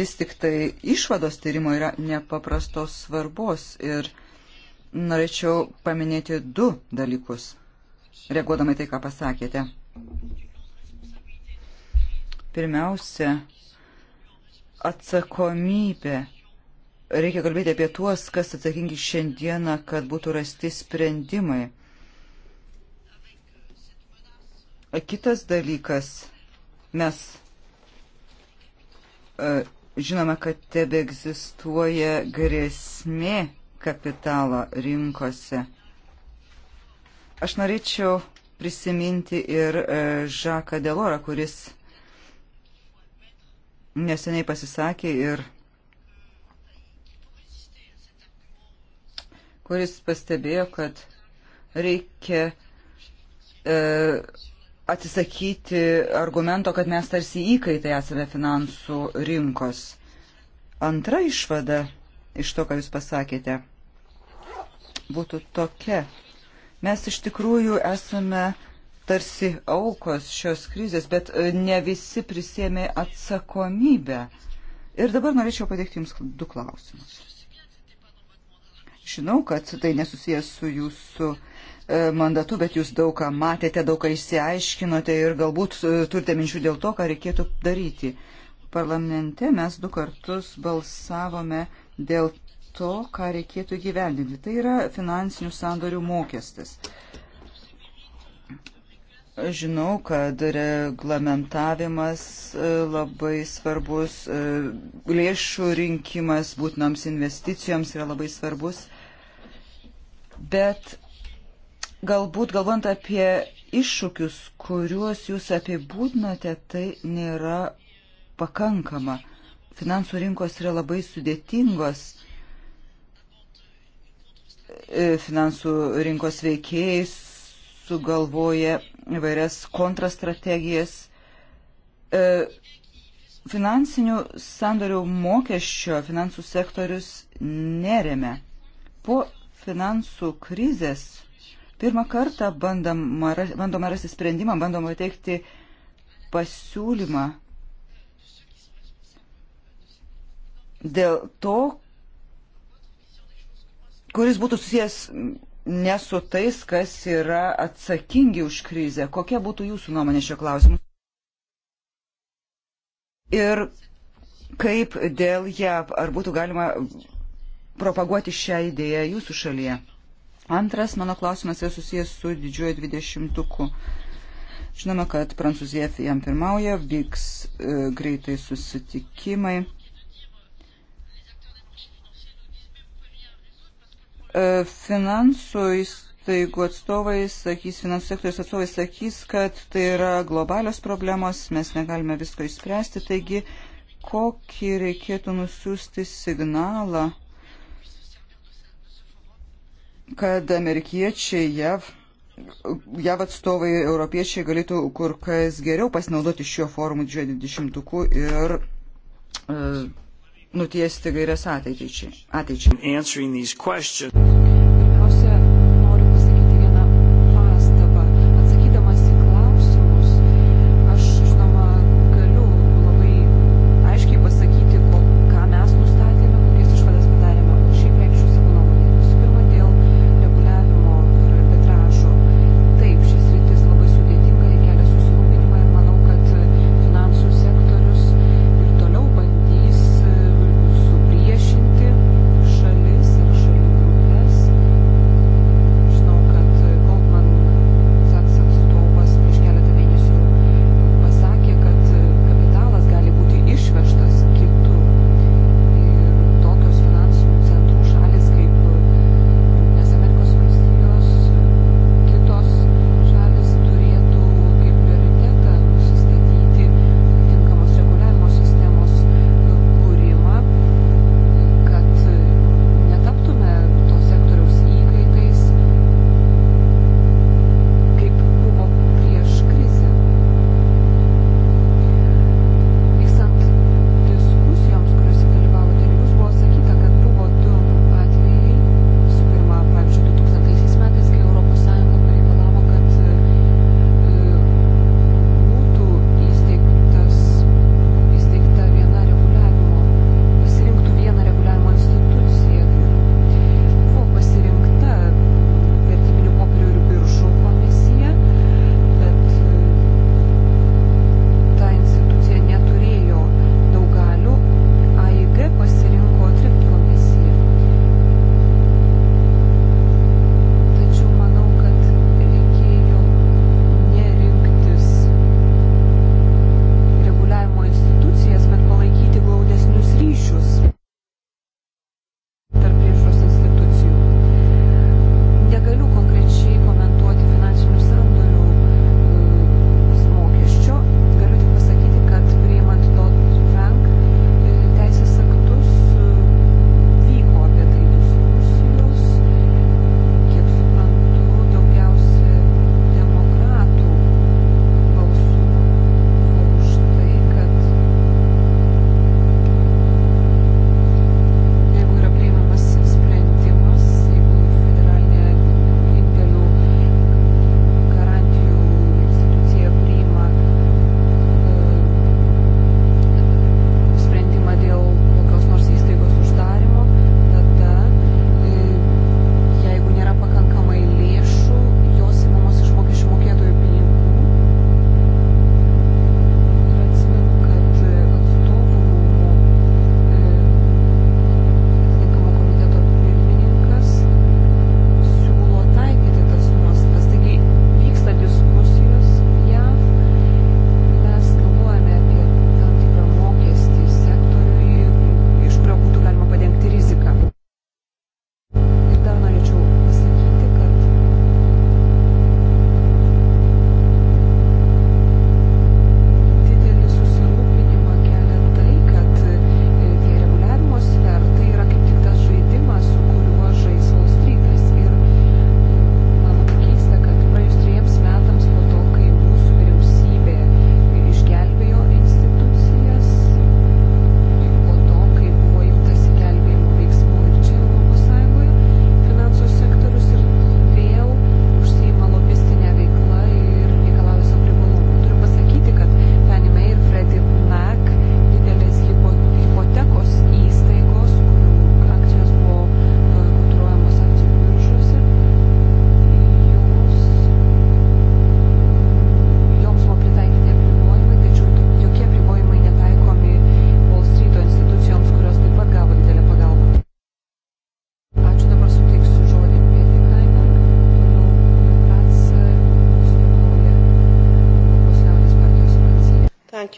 vis tik tai išvados tyrimo yra nepaprastos svarbos ir norėčiau paminėti du dalykus, reaguodamai tai, ką pasakėte. Pirmiausia, atsakomybė reikia kalbėti apie tuos, kas atsakingi šiandieną, kad būtų rasti sprendimai. Kitas dalykas, mes e, žinome, kad tebe egzistuoja grėsmė kapitalo rinkose. Aš norėčiau prisiminti ir e, Žaką Delorą, kuris neseniai pasisakė ir kuris pastebėjo, kad reikia e, atsisakyti argumento, kad mes tarsi įkaitai esame finansų rinkos. Antra išvada iš to, ką Jūs pasakėte, būtų tokia. Mes iš tikrųjų esame tarsi aukos šios krizės, bet e, ne visi prisėmė atsakomybę. Ir dabar norėčiau padėkti Jums du klausimus. Žinau, kad tai nesusijęs su Jūsų E, mandatu, bet jūs daug ką matėte, daug ką išsiaiškinote ir galbūt e, turite minčių dėl to, ką reikėtų daryti. Parlamente mes du kartus balsavome dėl to, ką reikėtų gyvendinti. Tai yra finansinių sandorių mokestis. Žinau, kad reglamentavimas e, labai svarbus, lėšų rinkimas būtinoms investicijoms yra labai svarbus, bet Galbūt galvant apie iššūkius, kuriuos jūs apibūdinote, tai nėra pakankama. Finansų rinkos yra labai sudėtingos. E, finansų rinkos veikėjai sugalvoja įvairias kontrastrategijas. E, finansinių sandorių mokesčio finansų sektorius neremia. Po finansų krizės Pirmą kartą bandoma, bandoma rasti sprendimą, bandoma teikti pasiūlymą dėl to, kuris būtų susijęs ne su tais, kas yra atsakingi už krizę. Kokia būtų jūsų nuomonė šio klausimu? Ir kaip dėl ją, ar būtų galima propaguoti šią idėją jūsų šalyje? Antras mano klausimas yra susijęs su didžiuoju dvidešimtuku. Žinoma, kad Prancūzija jam pirmauja, vyks e, greitai susitikimai. E, finansų įstaigų atstovai sakys, finansų sektoriaus atstovai sakys, kad tai yra globalios problemos, mes negalime visko išspręsti, taigi kokį reikėtų nusiųsti signalą kad amerikiečiai JAV, JAV atstovai europiečiai galėtų kur kas geriau pasinaudoti šiuo forumu didžiojo dvidešimtuku ir e, nutiesti gairias ateičiai. ateičiai.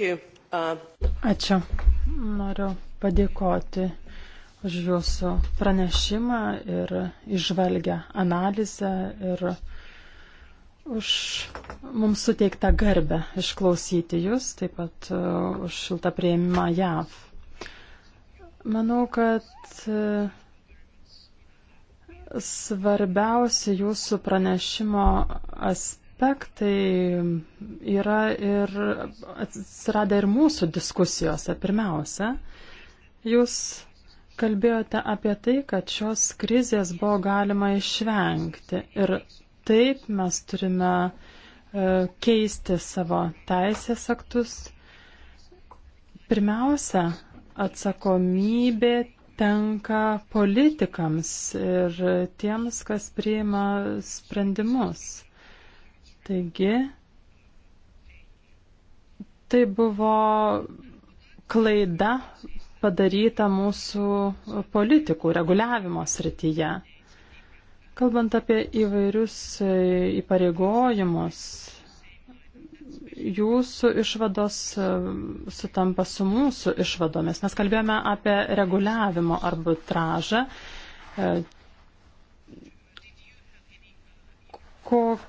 Uh... Ačiū. Noriu padėkoti už jūsų pranešimą ir išvalgę analizę ir už mums suteiktą garbę išklausyti jūs, taip pat uh, už šiltą prieimimą JAV. Manau, kad uh, svarbiausi jūsų pranešimo aspektai aspektai yra ir atsiradę ir mūsų diskusijose. Pirmiausia, jūs kalbėjote apie tai, kad šios krizės buvo galima išvengti ir taip mes turime e, keisti savo teisės aktus. Pirmiausia, atsakomybė tenka politikams ir tiems, kas priima sprendimus. Taigi, tai buvo klaida padaryta mūsų politikų reguliavimo srityje. Kalbant apie įvairius įpareigojimus, jūsų išvados sutampa su mūsų išvadomis. Mes kalbėjome apie reguliavimo arbitražą. Kok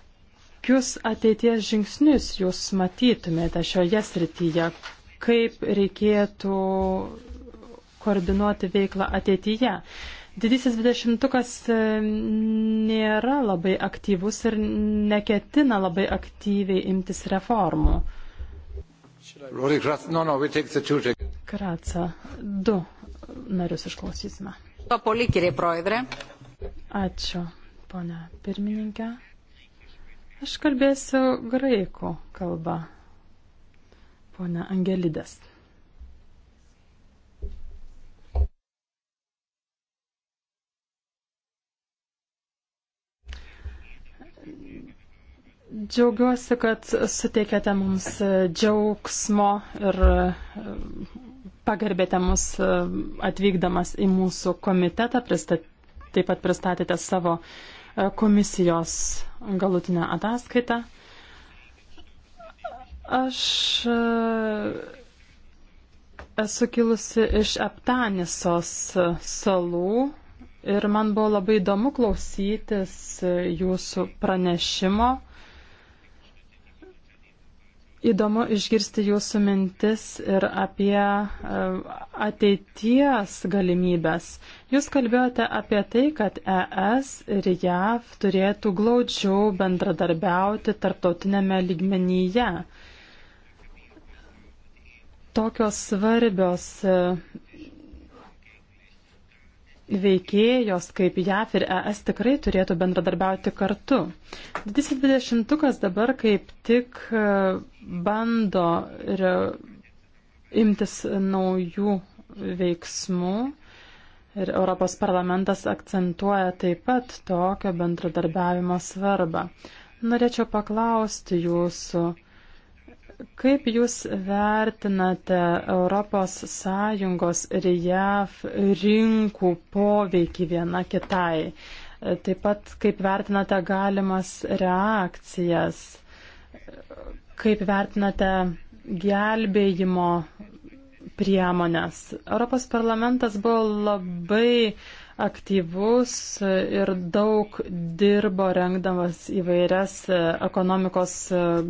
kokius ateities žingsnius jūs matytumėte šioje srityje, kaip reikėtų koordinuoti veiklą ateityje. Didysis dvidešimtukas e, nėra labai aktyvus ir neketina labai aktyviai imtis reformų. Kratsa, du narius išklausysime. Ačiū, ponia pirmininkė. Aš kalbėsiu graikų kalbą, ponia Angelidas. Džiaugiuosi, kad suteikėte mums džiaugsmo ir e, pagarbėte mus e, atvykdamas į mūsų komitetą, pristat, taip pat pristatėte savo uh, komisijos galutinę ataskaitą. Aš e, esu kilusi iš Aptanisos salų ir man buvo labai įdomu klausytis jūsų pranešimo. Įdomu išgirsti jūsų mintis ir apie e, ateities galimybės. Jūs kalbėjote apie tai, kad ES ir JAV turėtų glaudžiau bendradarbiauti tarptautinėme lygmenyje. Tokios svarbios e, veikėjos kaip JAF ir ES tikrai turėtų bendradarbiauti kartu. Didysis dvidešimtukas dabar kaip tik e, bando imtis naujų veiksmų ir Europos parlamentas akcentuoja taip pat tokio bendradarbiavimo svarbą. Norėčiau paklausti jūsų, Kaip Jūs vertinate ES ir JAV rinkų poveikį viena kitai? Taip pat kaip vertinate galimas reakcijas? Kaip vertinate gelbėjimo priemonės? Europos parlamentas buvo labai aktyvus ir daug dirbo rengdamas įvairias ekonomikos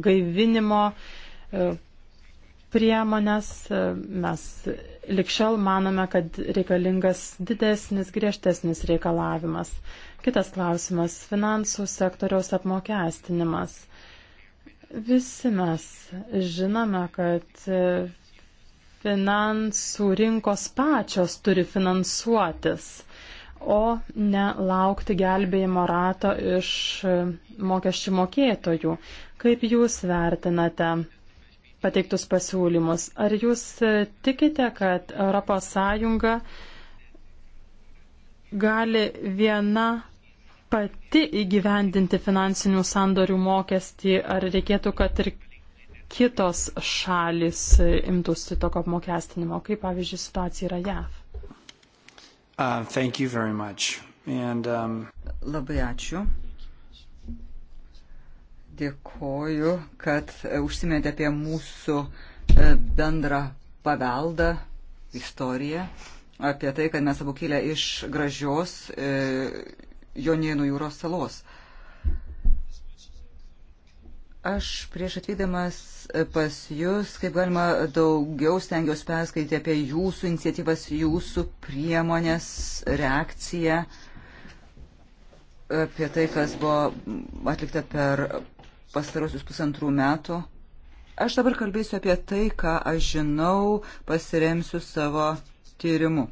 gaivinimo priemonės priemonės. Mes likščiau manome, kad reikalingas didesnis, griežtesnis reikalavimas. Kitas klausimas - finansų sektoriaus apmokestinimas. Visi mes žinome, kad finansų rinkos pačios turi finansuotis, o ne laukti gelbėjimo rato iš mokesčių mokėtojų. Kaip jūs vertinate pateiktus pasiūlymus. Ar jūs e, tikite, kad ES gali viena pati įgyvendinti finansinių sandorių mokestį, ar reikėtų, kad ir kitos šalis e, imtųsi tokio apmokestinimo, kaip pavyzdžiui situacija yra JAV? Uh, And, um... Labai ačiū. Dėkoju, kad e, užsimėte apie mūsų e, bendrą paveldą, istoriją, apie tai, kad mes abu kilę iš gražios e, Jonienų jūros salos. Aš prieš atvykdamas pas Jūs, kaip galima daugiau stengiuosi perskaityti apie Jūsų iniciatyvas, Jūsų priemonės, reakciją, apie tai, kas buvo atlikta per pastarosius pusantrų metų. Aš dabar kalbėsiu apie tai, ką aš žinau, pasiremsiu savo tyrimu.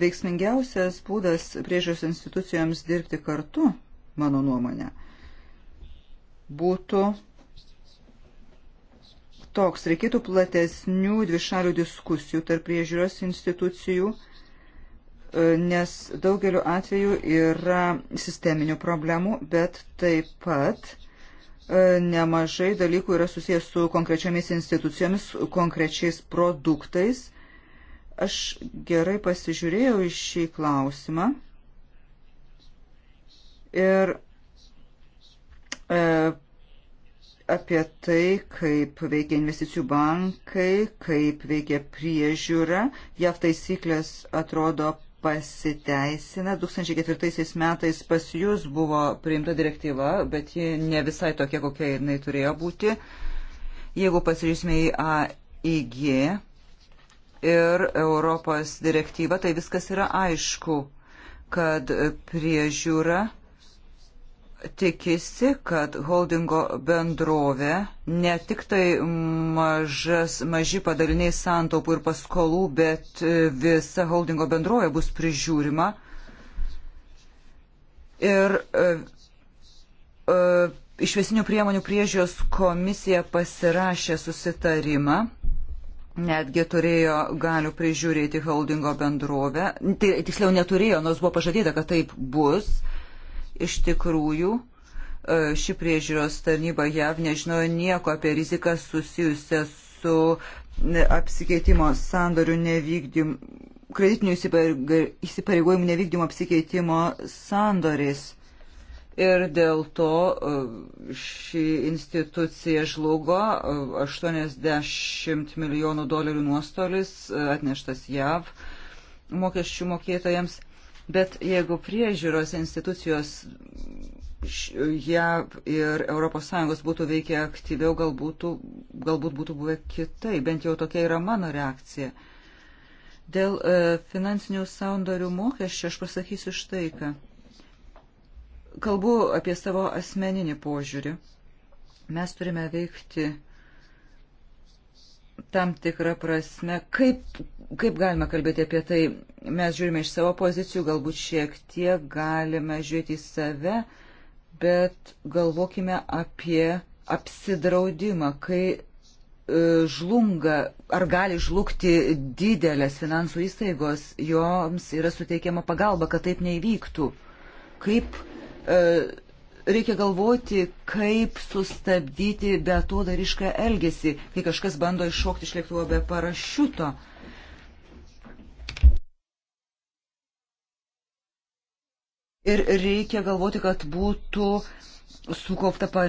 Veiksmingiausias būdas priežiūros institucijoms dirbti kartu, mano nuomonė, būtų toks. Reikėtų platesnių dvišalių diskusijų tarp priežiūros institucijų nes daugeliu atveju yra sisteminių problemų, bet taip pat e, nemažai dalykų yra susijęs su konkrečiomis institucijomis, konkrečiais produktais. Aš gerai pasižiūrėjau į šį klausimą ir e, apie tai, kaip veikia investicijų bankai, kaip veikia priežiūra. JAV taisyklės atrodo pasiteisina. 2004 metais pas jūs buvo priimta direktyva, bet ji ne visai tokia, kokia jinai turėjo būti. Jeigu pasižiūrėsime į AIG ir Europos direktyvą, tai viskas yra aišku, kad priežiūra tikisi, kad holdingo bendrovė ne tik tai mažas, maži padaliniai santaupų ir paskolų, bet visa holdingo bendrovė bus prižiūrima. Ir e, e, išvesinių priemonių priežios komisija pasirašė susitarimą netgi turėjo galių prižiūrėti holdingo bendrovę. Tai, tiksliau neturėjo, nors buvo pažadėta, kad taip bus. Iš tikrųjų, e, ši priežiūros tarnyba JAV nežinojo nieko apie riziką susijusią su e, apsikeitimo sandorių nevykdym, kreditinių įsipareigojimų nevykdymo apsikeitimo sandoriais. Ir dėl to e, ši institucija žlugo, 80 milijonų dolerių nuostolis atneštas JAV mokesčių mokėtojams. Bet jeigu priežiūros institucijos JAV ir ES būtų veikę aktyviau, galbūt, galbūt būtų buvę kitai, bent jau tokia yra mano reakcija. Dėl e, finansinių sandorių mokesčio aš pasakysiu štai ką. Kalbu apie savo asmeninį požiūrį. Mes turime veikti tam tikrą prasme, kaip, kaip galime kalbėti apie tai, mes žiūrime iš savo pozicijų, galbūt šiek tiek galime žiūrėti į save, bet galvokime apie apsidraudimą, kai e, žlunga ar gali žlugti didelės finansų įstaigos, joms yra suteikiama pagalba, kad taip neįvyktų. Kaip e, reikia galvoti, kaip sustabdyti be to darišką elgesį, kai kažkas bando iššokti iš lėktuvo be parašiuto. Ir reikia galvoti, kad būtų sukaupta pa,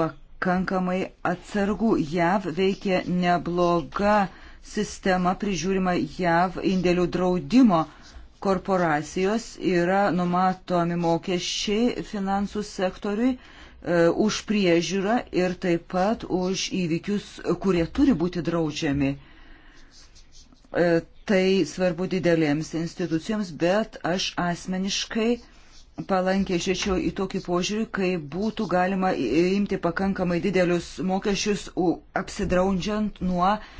pakankamai atsargų. JAV veikia nebloga sistema prižiūrima JAV indėlių draudimo korporacijos yra numatomi mokesčiai finansų sektoriui e, už priežiūrą ir taip pat už įvykius, kurie turi būti draudžiami. E, tai svarbu didelėms institucijoms, bet aš asmeniškai palankiai žiūrėčiau į tokį požiūrį, kai būtų galima imti pakankamai didelius mokesčius apsidraudžiant nuo uh,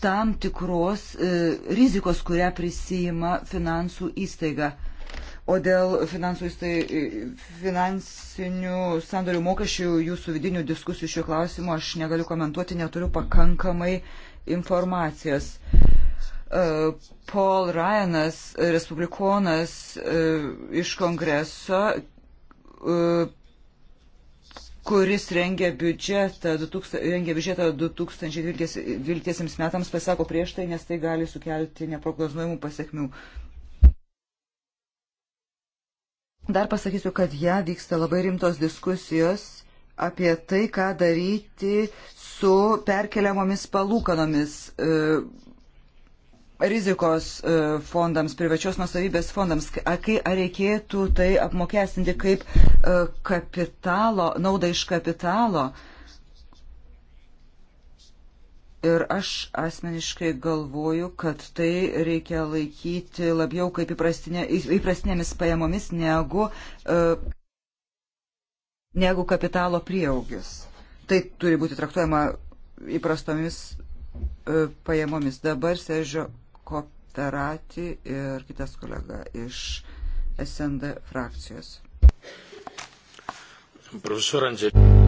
tam tikros e, rizikos, kurią prisijima finansų įstaiga. O dėl įstai, e, finansinių sandorių mokesčių jūsų vidinių diskusijų šiuo klausimu aš negaliu komentuoti, neturiu pakankamai informacijos. E, Paul Ryanas, respublikonas e, iš kongreso, kuris rengia biudžetą, 2000, rengia biudžetą 2012 metams, pasako prieš tai, nes tai gali sukelti neprognozuojamų pasiekmių. Dar pasakysiu, kad ją ja, vyksta labai rimtos diskusijos apie tai, ką daryti su perkeliamomis palūkanomis. E, rizikos e, fondams, privačios nusavybės fondams, kai ar reikėtų tai apmokestinti kaip e, kapitalo, naudą iš kapitalo. Ir aš asmeniškai galvoju, kad tai reikia laikyti labiau kaip įprastinė, įprastinėmis pajamomis negu, e, negu kapitalo prieaugis. Tai turi būti traktuojama įprastomis pajamomis. Dabar Sežio Koperati ir kitas kolega iš SND frakcijos. Profesor Andželė.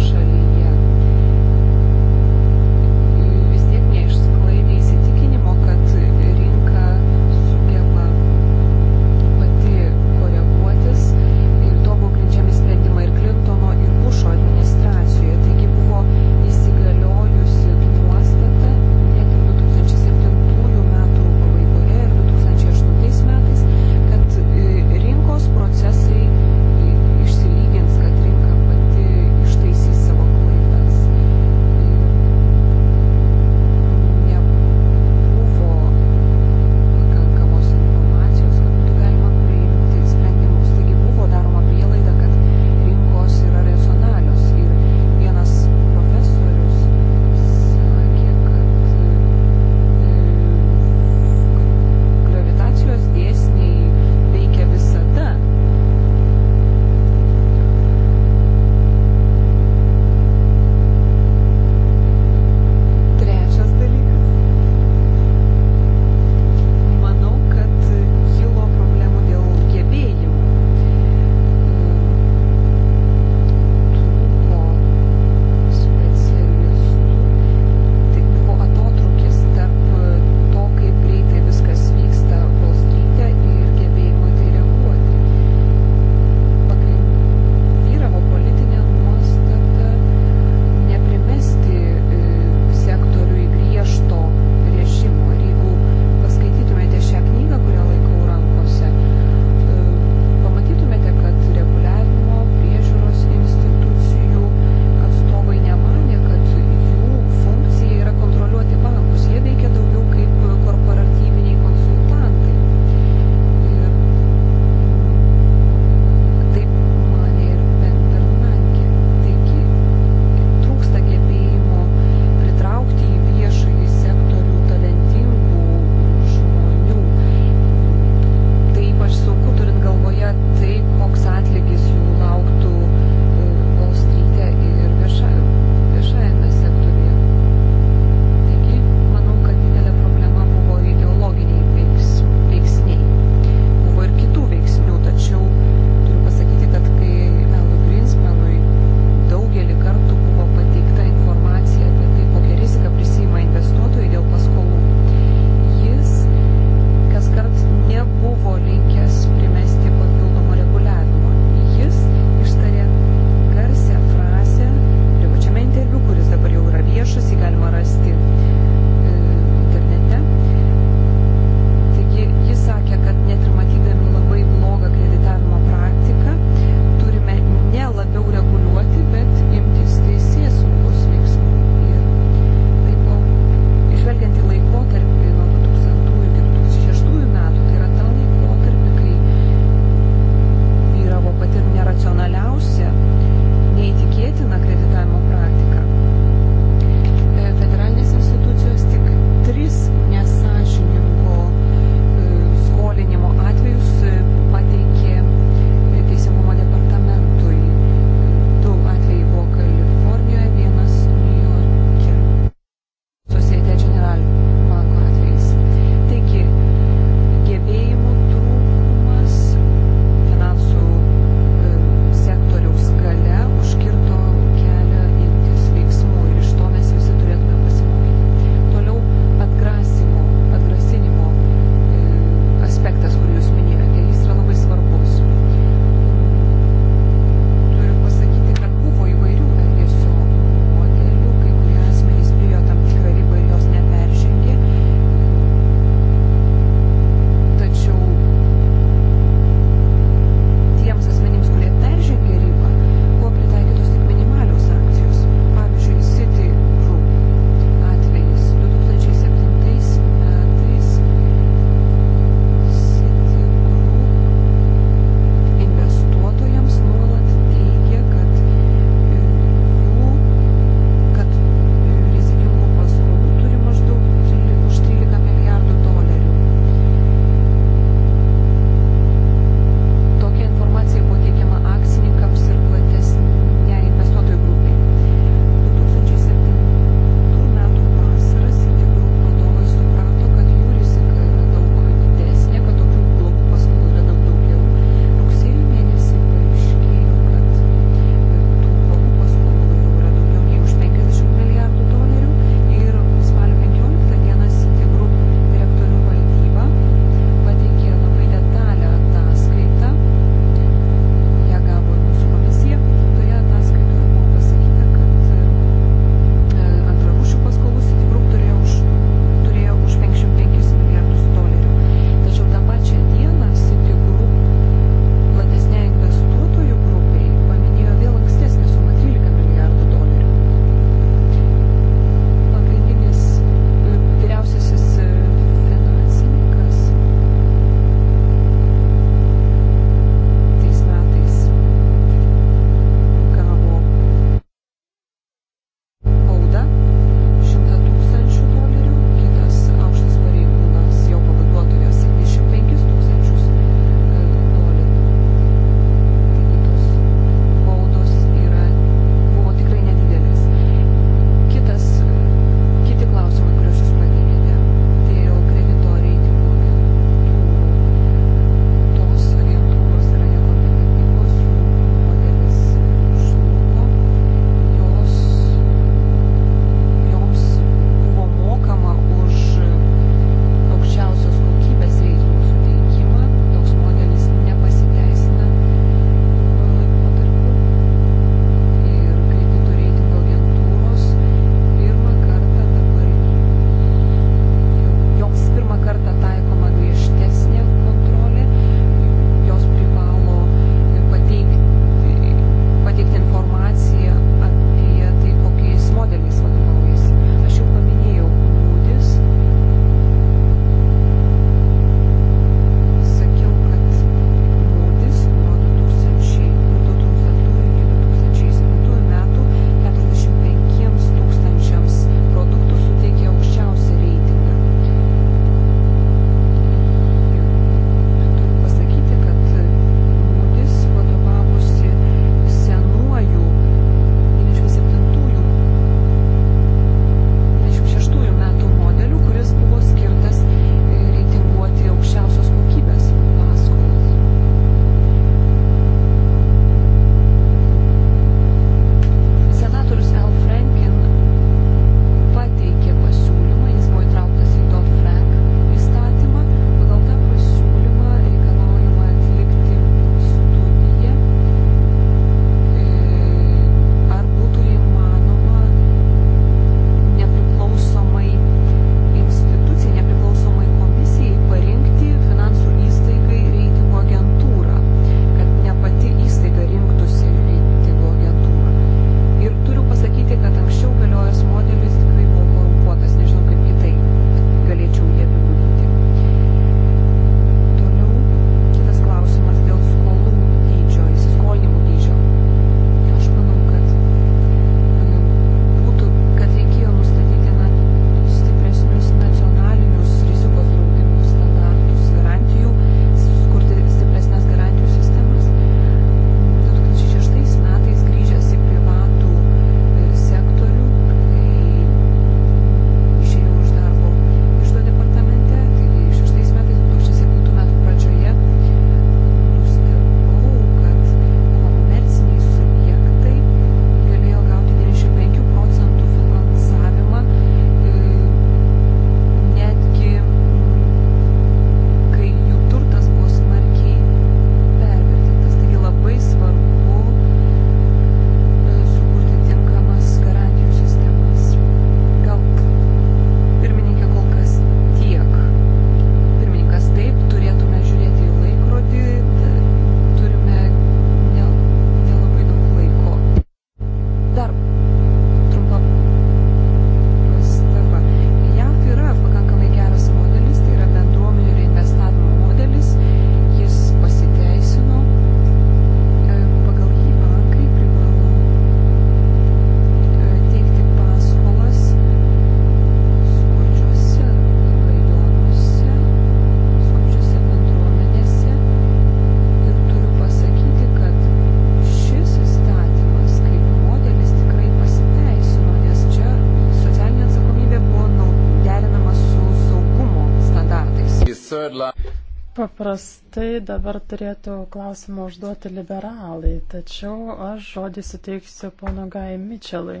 dabar turėtų klausimą užduoti liberalai, tačiau aš žodį suteiksiu pono Gai Mičelui,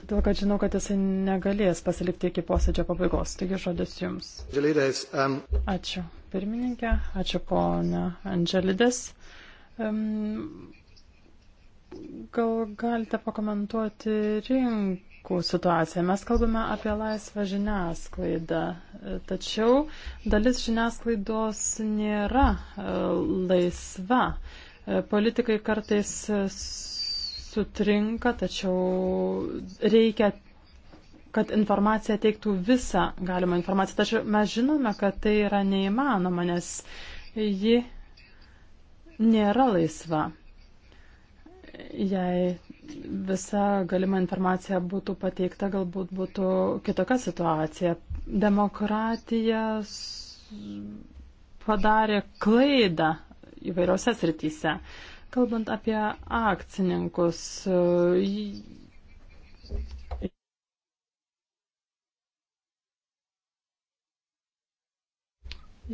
todėl kad žinau, kad jisai negalės pasilikti iki posėdžio pabaigos. Taigi žodis jums. Um, ačiū pirmininkė, ačiū ponia Andželidės. Um, gal galite pakomentuoti rink politikų situaciją. Mes kalbame apie laisvą žiniasklaidą, tačiau dalis žiniasklaidos nėra e, laisva. E, politikai kartais sutrinka, tačiau reikia kad informacija teiktų visą galimą informaciją. Tačiau mes žinome, kad tai yra neįmanoma, nes ji nėra laisva. Jei visa galima informacija būtų pateikta, galbūt būtų kitokia situacija. Demokratija padarė klaidą įvairiose srityse. Kalbant apie akcininkus,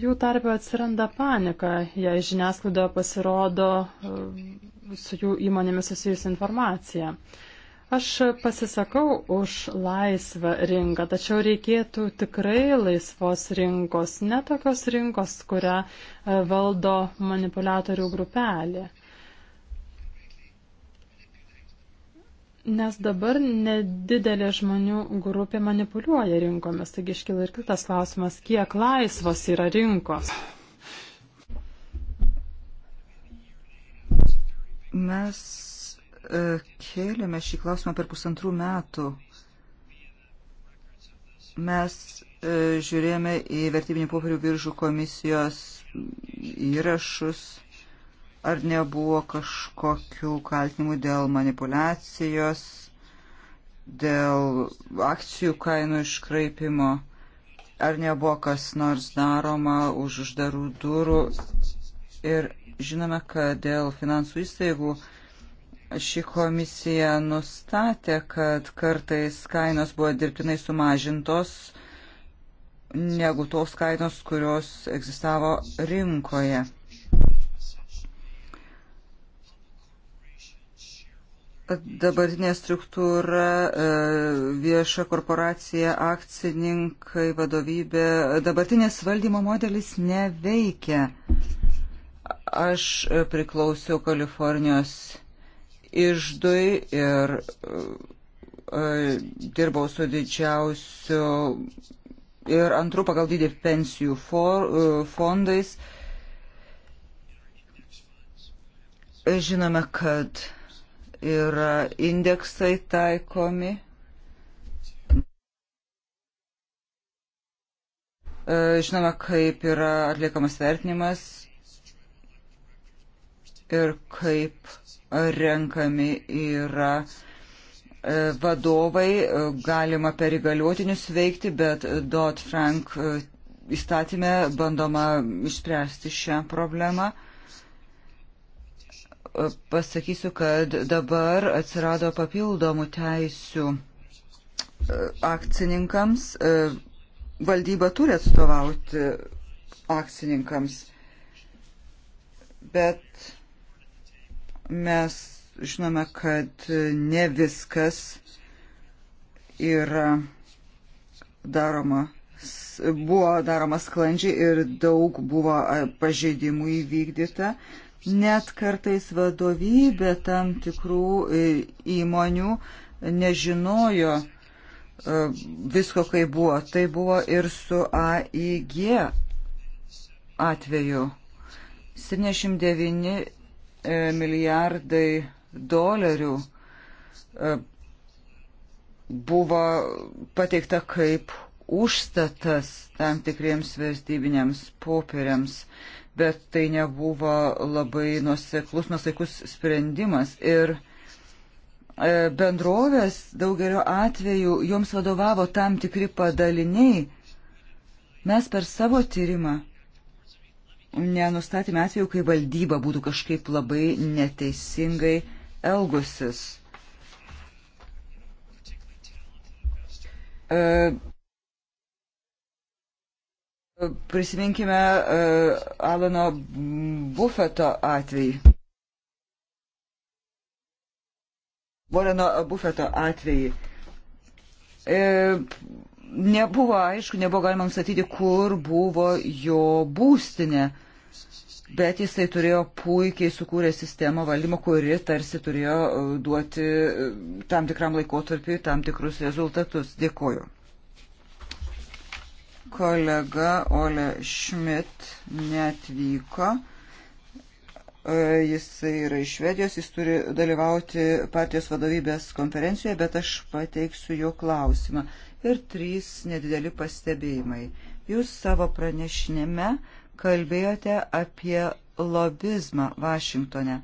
jų tarpe atsiranda panika, jei žiniasklaidoje pasirodo su jų įmonėmis susijusi informacija. Aš pasisakau už laisvą rinką, tačiau reikėtų tikrai laisvos rinkos, ne tokios rinkos, kurią e, valdo manipuliatorių grupelė. Nes dabar nedidelė žmonių grupė manipuliuoja rinkomis, taigi iškyla ir kitas klausimas, kiek laisvos yra rinkos. Mes e, kėlėme šį klausimą per pusantrų metų. Mes e, žiūrėjome į vertybinių popierių biržų komisijos įrašus, ar nebuvo kažkokių kaltinimų dėl manipulacijos, dėl akcijų kainų iškraipimo, ar nebuvo kas nors daroma už uždarų durų ir žinome, kad dėl finansų įstaigų ši komisija nustatė, kad kartais kainos buvo dirbtinai sumažintos negu tos kainos, kurios egzistavo rinkoje. Dabartinė struktūra, e, vieša korporacija, akcininkai, vadovybė, dabartinės valdymo modelis neveikia. Aš priklausiau Kalifornijos išdui ir e, dirbau su didžiausiu ir antrų pagal dydį pensijų for, e, fondais. Žinome, kad yra indeksai taikomi. E, žinome, kaip yra atliekamas vertinimas ir kaip renkami yra e, vadovai, galima per įgaliotinius veikti, bet Dot Frank e, įstatymė bandoma išspręsti šią problemą e, pasakysiu, kad dabar atsirado papildomų teisių akcininkams. Valdyba turi atstovauti akcininkams, bet Mes žinome, kad ne viskas yra daroma, buvo daroma sklandžiai ir daug buvo pažeidimų įvykdyta. Net kartais vadovybė tam tikrų e, įmonių nežinojo e, visko, kai buvo. Tai buvo ir su AIG atveju. 79 E, milijardai dolerių e, buvo pateikta kaip užstatas tam tikriems vertybiniams popieriams, bet tai nebuvo labai nuseklus, nusaikus sprendimas. Ir e, bendrovės daugelio atveju joms vadovavo tam tikri padaliniai. Mes per savo tyrimą nenustatėme atveju, kai valdyba būtų kažkaip labai neteisingai elgusis. E, prisiminkime e, Alano Buffeto atvejį. Voreno Buffeto atvejį. E, nebuvo aišku, nebuvo galima nustatyti, kur buvo jo būstinė, bet jisai turėjo puikiai sukūrę sistemą valdymo, kuri tarsi turėjo e, duoti e, tam tikram laikotarpiu tam tikrus rezultatus. Dėkoju. Kolega Ole Schmidt netvyko e, jisai yra iš Švedijos, jis turi dalyvauti partijos vadovybės konferencijoje, bet aš pateiksiu jo klausimą ir trys nedideli pastebėjimai. Jūs savo pranešinėme kalbėjote apie lobizmą Vašingtone.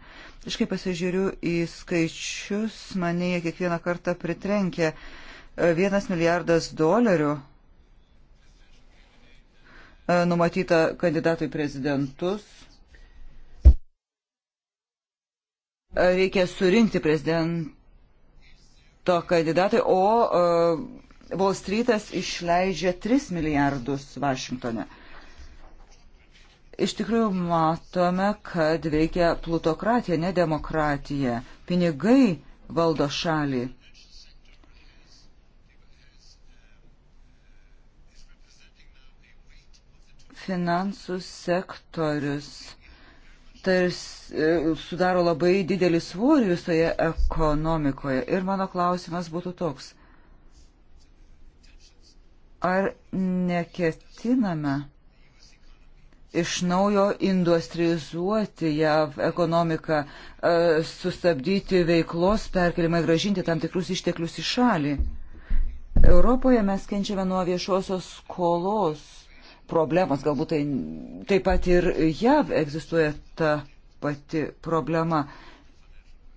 Aš kaip pasižiūriu į skaičius, mane jie kiekvieną kartą pritrenkė. Vienas milijardas dolerių e, numatyta kandidatui prezidentus. E, reikia surinkti prezidentą kandidatui, o e, Wall Streetas išleidžia 3 milijardus Vašingtone. Iš tikrųjų matome, kad veikia plutokratija, ne demokratija. Pinigai valdo šalį. Finansų sektorius tarsi e, sudaro labai didelį svorį visoje ekonomikoje. Ir mano klausimas būtų toks. Ar neketiname iš naujo industrializuoti JAV ekonomiką, e, sustabdyti veiklos perkelimą ir gražinti tam tikrus išteklius į šalį? Europoje mes kenčiame nuo viešosios skolos problemos, galbūt tai taip pat ir JAV egzistuoja ta pati problema.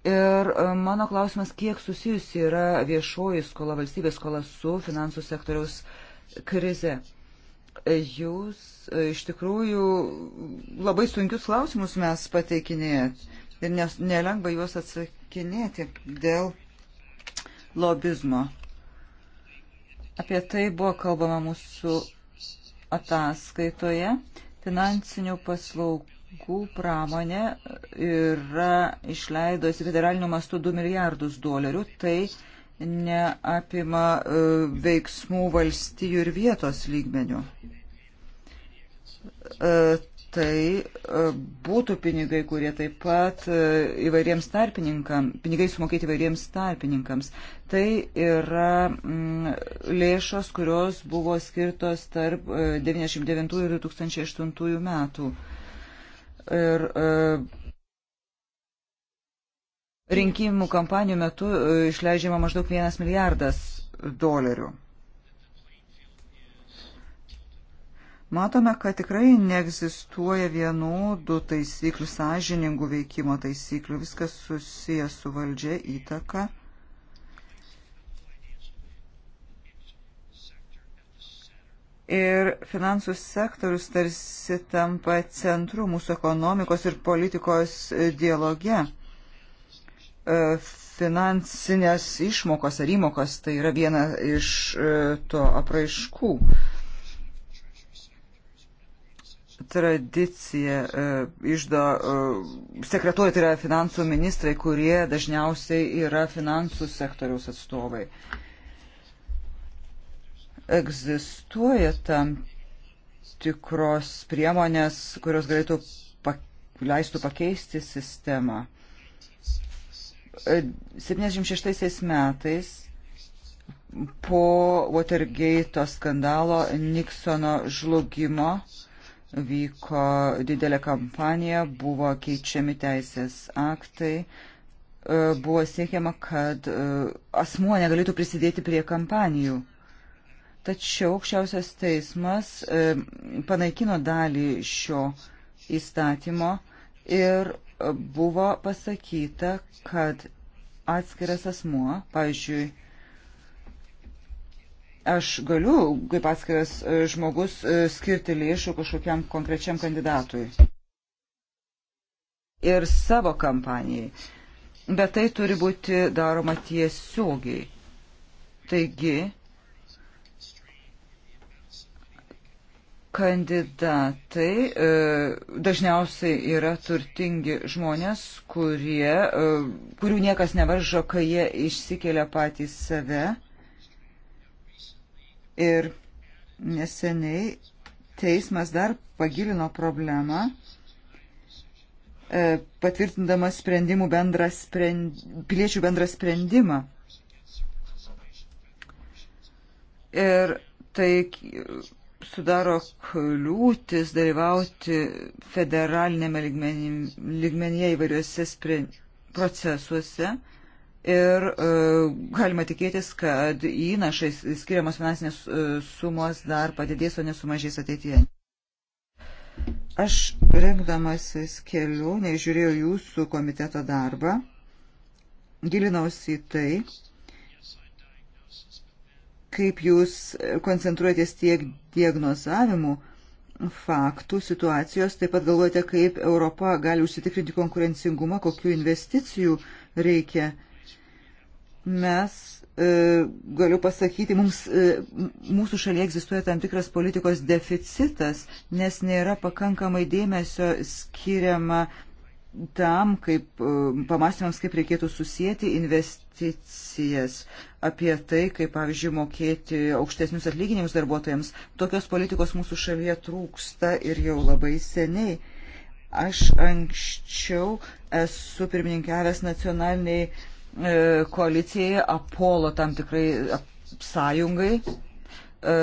Ir e, mano klausimas, kiek susijusi yra viešoji skola, valstybės skola su finansų sektoriaus uh, krize. Jūs e, iš tikrųjų labai sunkius klausimus mes pateikinėjat ir nes, nelengva juos atsakinėti dėl lobizmo. Apie tai buvo kalbama mūsų ataskaitoje. Finansinių paslaugų pramonė yra išleidusi federaliniu mastu 2 milijardus dolerių. Tai neapima e, veiksmų valstijų ir vietos lygmenių. E, tai e, būtų pinigai, kurie taip pat įvairiems tarpininkams, pinigai sumokėti įvairiems tarpininkams. Tai yra mm, lėšos, kurios buvo skirtos tarp 99 ir 2008 metų. Ir rinkimų kampanijų metu e, išleidžiama maždaug vienas milijardas dolerių. Matome, kad tikrai neegzistuoja vienodų taisyklių, sąžiningų veikimo taisyklių. Viskas susijęs su valdžia įtaka. Ir finansų sektorius tarsi tampa centru mūsų ekonomikos ir politikos dialoge E, finansinės išmokos ar įmokos, tai yra viena iš e, to apraiškų. Tradicija e, išdo sekretoriai, tai yra finansų ministrai, kurie dažniausiai yra finansų sektoriaus atstovai. Egzistuoja tam tikros priemonės, kurios galėtų leistų pakeisti sistemą. 76 e, metais po Watergate skandalo Nixono žlugimo vyko didelė kampanija, buvo keičiami teisės aktai, e, buvo siekiama, kad e, asmuo negalėtų prisidėti prie kampanijų. Tačiau aukščiausias teismas panaikino dalį šio įstatymo ir buvo pasakyta, kad atskiras asmuo, pavyzdžiui, aš galiu, kaip atskiras e, žmogus, e, skirti lėšų kažkokiam konkrečiam kandidatui ir savo kampanijai. Bet tai turi būti daroma tiesiogiai. Taigi, kandidatai e, dažniausiai yra turtingi žmonės, kurie, e, kurių niekas nevaržo, kai jie išsikelia patys save. Ir neseniai teismas dar pagilino problemą, e, patvirtindamas sprendimų bendrą sprend, piliečių bendrą sprendimą. Ir tai sudaro kliūtis dalyvauti federalinėme lygmenyje įvairiuose procesuose ir e, galima tikėtis, kad įnašais skiriamos finansinės e, sumos dar padidės, o nesumažės ateityje. Aš rengdamasis keliu, nežiūrėjau jūsų komiteto darbą, gilinausi į tai, kaip jūs koncentruojatės tiek diagnozavimu faktų situacijos, taip pat galvojate, kaip Europa gali užsitikrinti konkurencingumą, kokiu investicijų reikia. Mes, e, galiu pasakyti, mums, e, mūsų šalyje egzistuoja tam tikras politikos deficitas, nes nėra pakankamai dėmesio skiriama tam, kaip e, pamastymams, kaip reikėtų susijęti investicijas apie tai, kaip, pavyzdžiui, mokėti aukštesnius atlyginimus darbuotojams. Tokios politikos mūsų šalyje trūksta ir jau labai seniai. Aš anksčiau esu pirmininkavęs nacionaliniai e, koalicijai Apollo tam tikrai ap, sąjungai. E,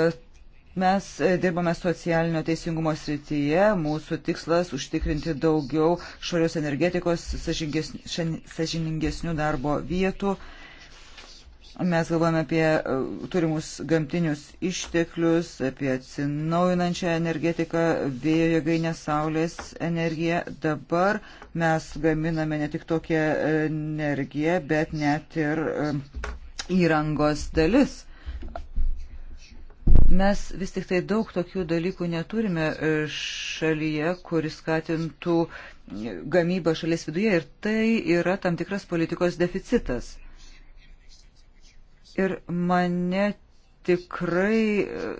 Mes e, dirbame socialinio teisingumo srityje, mūsų tikslas užtikrinti daugiau švarios energetikos, sažiningesnių darbo vietų. Mes galvojame apie e, turimus gamtinius išteklius, apie atsinaujinančią energetiką, vėjo jėgainę, saulės energiją. Dabar mes gaminame ne tik tokią energiją, bet net ir e, įrangos dalis Mes vis tik tai daug tokių dalykų neturime e, šalyje, kuris skatintų gamybą šalies viduje ir tai yra tam tikras politikos deficitas. Ir mane tikrai e,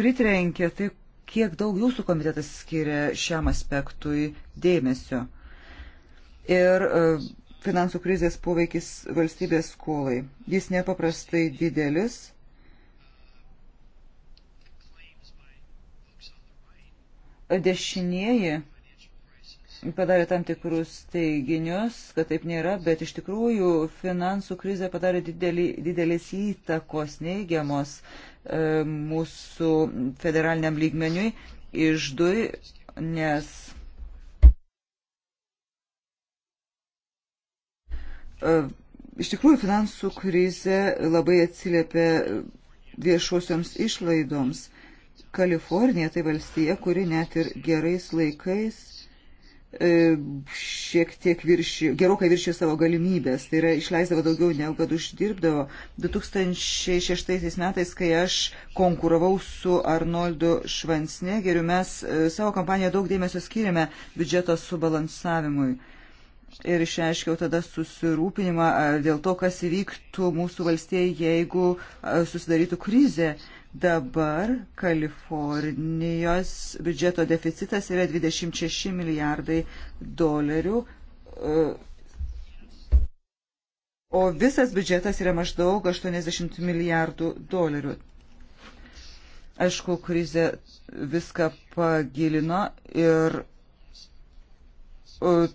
pritrenkė tai, kiek daug jūsų komitetas skiria šiam aspektui dėmesio. Ir e, finansų krizės poveikis valstybės skolai. Jis nepaprastai didelis dešinieji padarė tam tikrus teiginius, kad taip nėra, bet iš tikrųjų finansų krizė padarė didelį, didelės įtakos neigiamos e, mūsų federaliniam lygmeniui išdui, nes e, iš tikrųjų finansų krizė labai atsiliepia viešuosioms išlaidoms. E, Kalifornija tai valstija, kuri net ir gerais laikais e, šiek tiek viršį, gerokai viršė savo galimybės, tai yra išleisdavo daugiau negu kad uždirbdavo. 2006 metais, kai aš konkuravau su Arnoldu Švansnegeriu, mes e, savo kampaniją daug dėmesio skiriame biudžeto subalansavimui. Ir išreiškiau tada susirūpinimą dėl to, kas įvyktų mūsų valstijai, jeigu susidarytų krizė. Dabar Kalifornijos biudžeto deficitas yra 26 milijardai dolerių, e, o visas biudžetas yra maždaug 80 milijardų dolerių. Aišku, krizė viską pagilino ir e,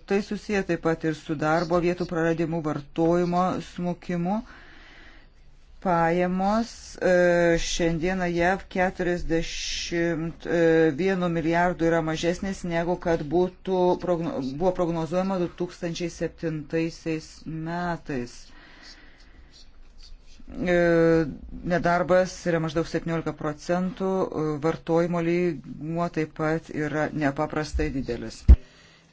tai susiję taip pat ir su darbo vietų praradimu, vartojimo smukimu pajamos e, šiandieną JAV 41 e, milijardų yra mažesnės negu kad būtų, buvo prognozuojama 2007 metais. E, nedarbas yra maždaug 17 procentų, vartojimo lygmuo taip pat yra nepaprastai didelis.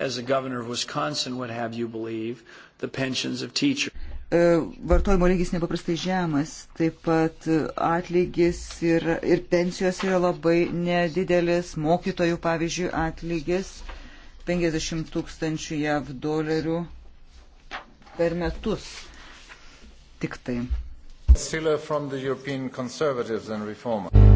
As the governor of Wisconsin would have you believe, the pensions of teachers. E, vartojimo lygis nepaprastai žemas, taip pat atlygis ir, ir pensijos yra labai nedidelis, mokytojų pavyzdžiui atlygis 50 tūkstančių JAV dolerių per metus. Tik tai. Siller from the European Conservatives and Reformers.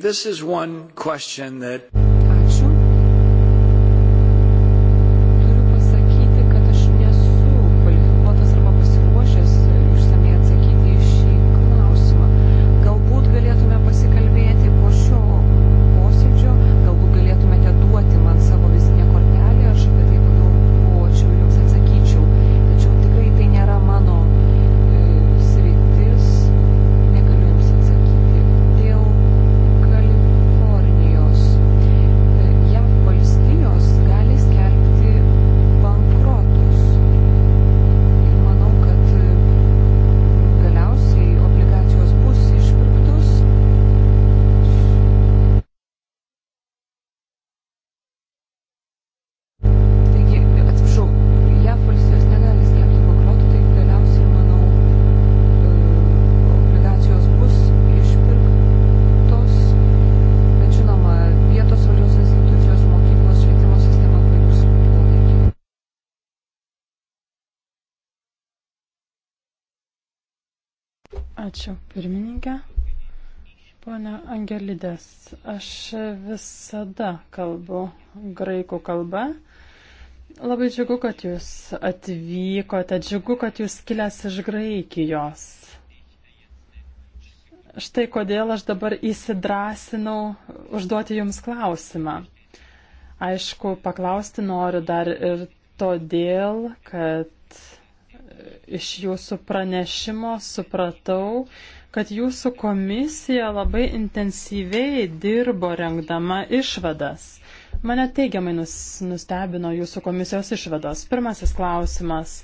this is one question that Ačiū, pirmininkė. Pone Angelidės, aš visada kalbu graikų kalba. Labai džiugu, kad jūs atvykote, džiugu, kad jūs kilęs iš Graikijos. Štai kodėl aš dabar įsidrasinau užduoti jums klausimą. Aišku, paklausti noriu dar ir todėl, kad iš jūsų pranešimo supratau, kad jūsų komisija labai intensyviai dirbo rengdama išvadas. Mane teigiamai nustebino jūsų komisijos išvados. Pirmasis klausimas.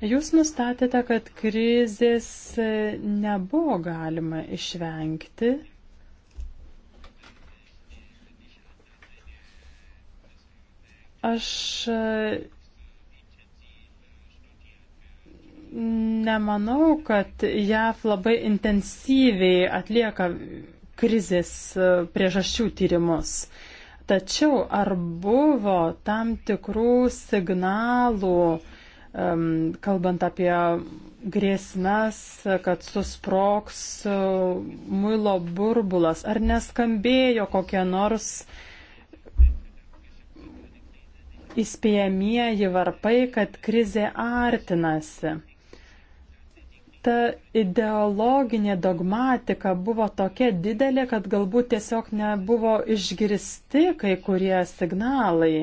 Jūs nustatėte, kad krizės nebuvo galima išvengti. Aš nemanau, kad JAV labai intensyviai atlieka krizės e, priežasčių tyrimus. Tačiau ar buvo tam tikrų signalų, kalbant apie grėsmes, kad susproks e, muilo burbulas, ar neskambėjo kokie nors įspėjamieji varpai, kad krizė artinasi ta ideologinė dogmatika buvo tokia didelė, kad galbūt tiesiog nebuvo išgirsti kai kurie signalai.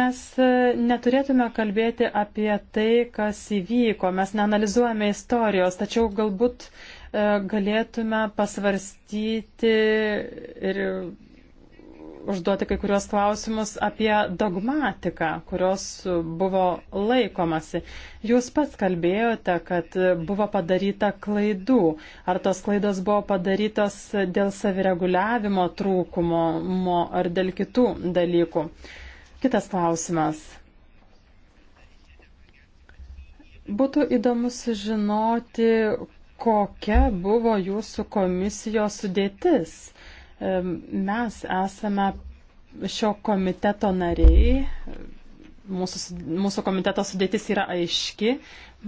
Mes e, neturėtume kalbėti apie tai, kas įvyko, mes neanalizuojame istorijos, tačiau galbūt e, galėtume pasvarstyti ir užduoti kai kurios klausimus apie dogmatiką, kurios buvo laikomasi. Jūs pats kalbėjote, kad buvo padaryta klaidų. Ar tos klaidos buvo padarytos dėl savireguliavimo trūkumo ar dėl kitų dalykų? Kitas klausimas. Būtų įdomu sužinoti, kokia buvo jūsų komisijos sudėtis Mes esame šio komiteto nariai, mūsų, mūsų komiteto sudėtis yra aiški.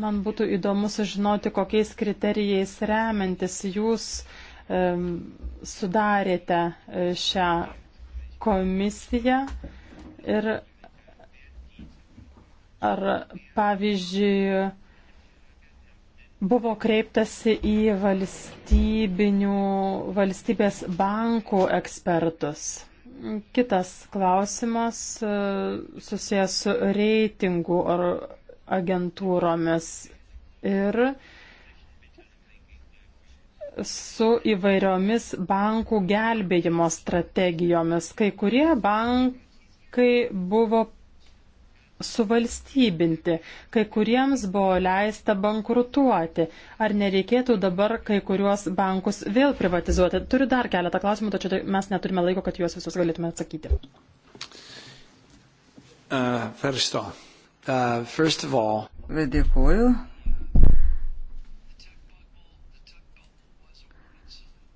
Man būtų įdomu sužinoti, kokiais kriterijais remiantis jūs um, sudarėte e, šią komisiją ir ar, pavyzdžiui, buvo kreiptasi į valstybinių, valstybės bankų ekspertus. Kitas klausimas e, susijęs su reitingų ar agentūromis ir su įvairiomis bankų gelbėjimo strategijomis. Kai kurie bankai buvo suvalstybinti, kai kuriems buvo leista bankrutuoti. Ar nereikėtų dabar kai kuriuos bankus vėl privatizuoti? Turiu dar keletą klausimų, tačiau tai mes neturime laiko, kad juos visus galėtume atsakyti. Uh, first of all, uh, first of all... Dėkuoju.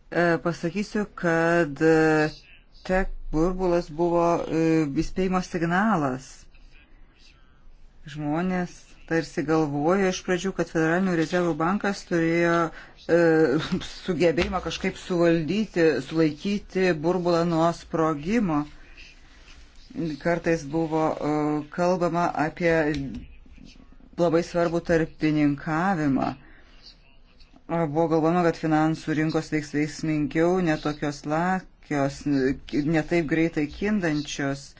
E, pasakysiu, kad e, tech burbulas buvo e, įspėjimo signalas Žmonės tarsi galvojo iš pradžių, kad Federalinių rezervų bankas turėjo e, sugebėjimą kažkaip suvaldyti, sulaikyti burbulą nuo sprogimo. Kartais buvo e, kalbama apie labai svarbų tarpininkavimą. Buvo galvama, kad finansų rinkos veiks veiksmingiau, netokios lakios, netaip greitai kindančios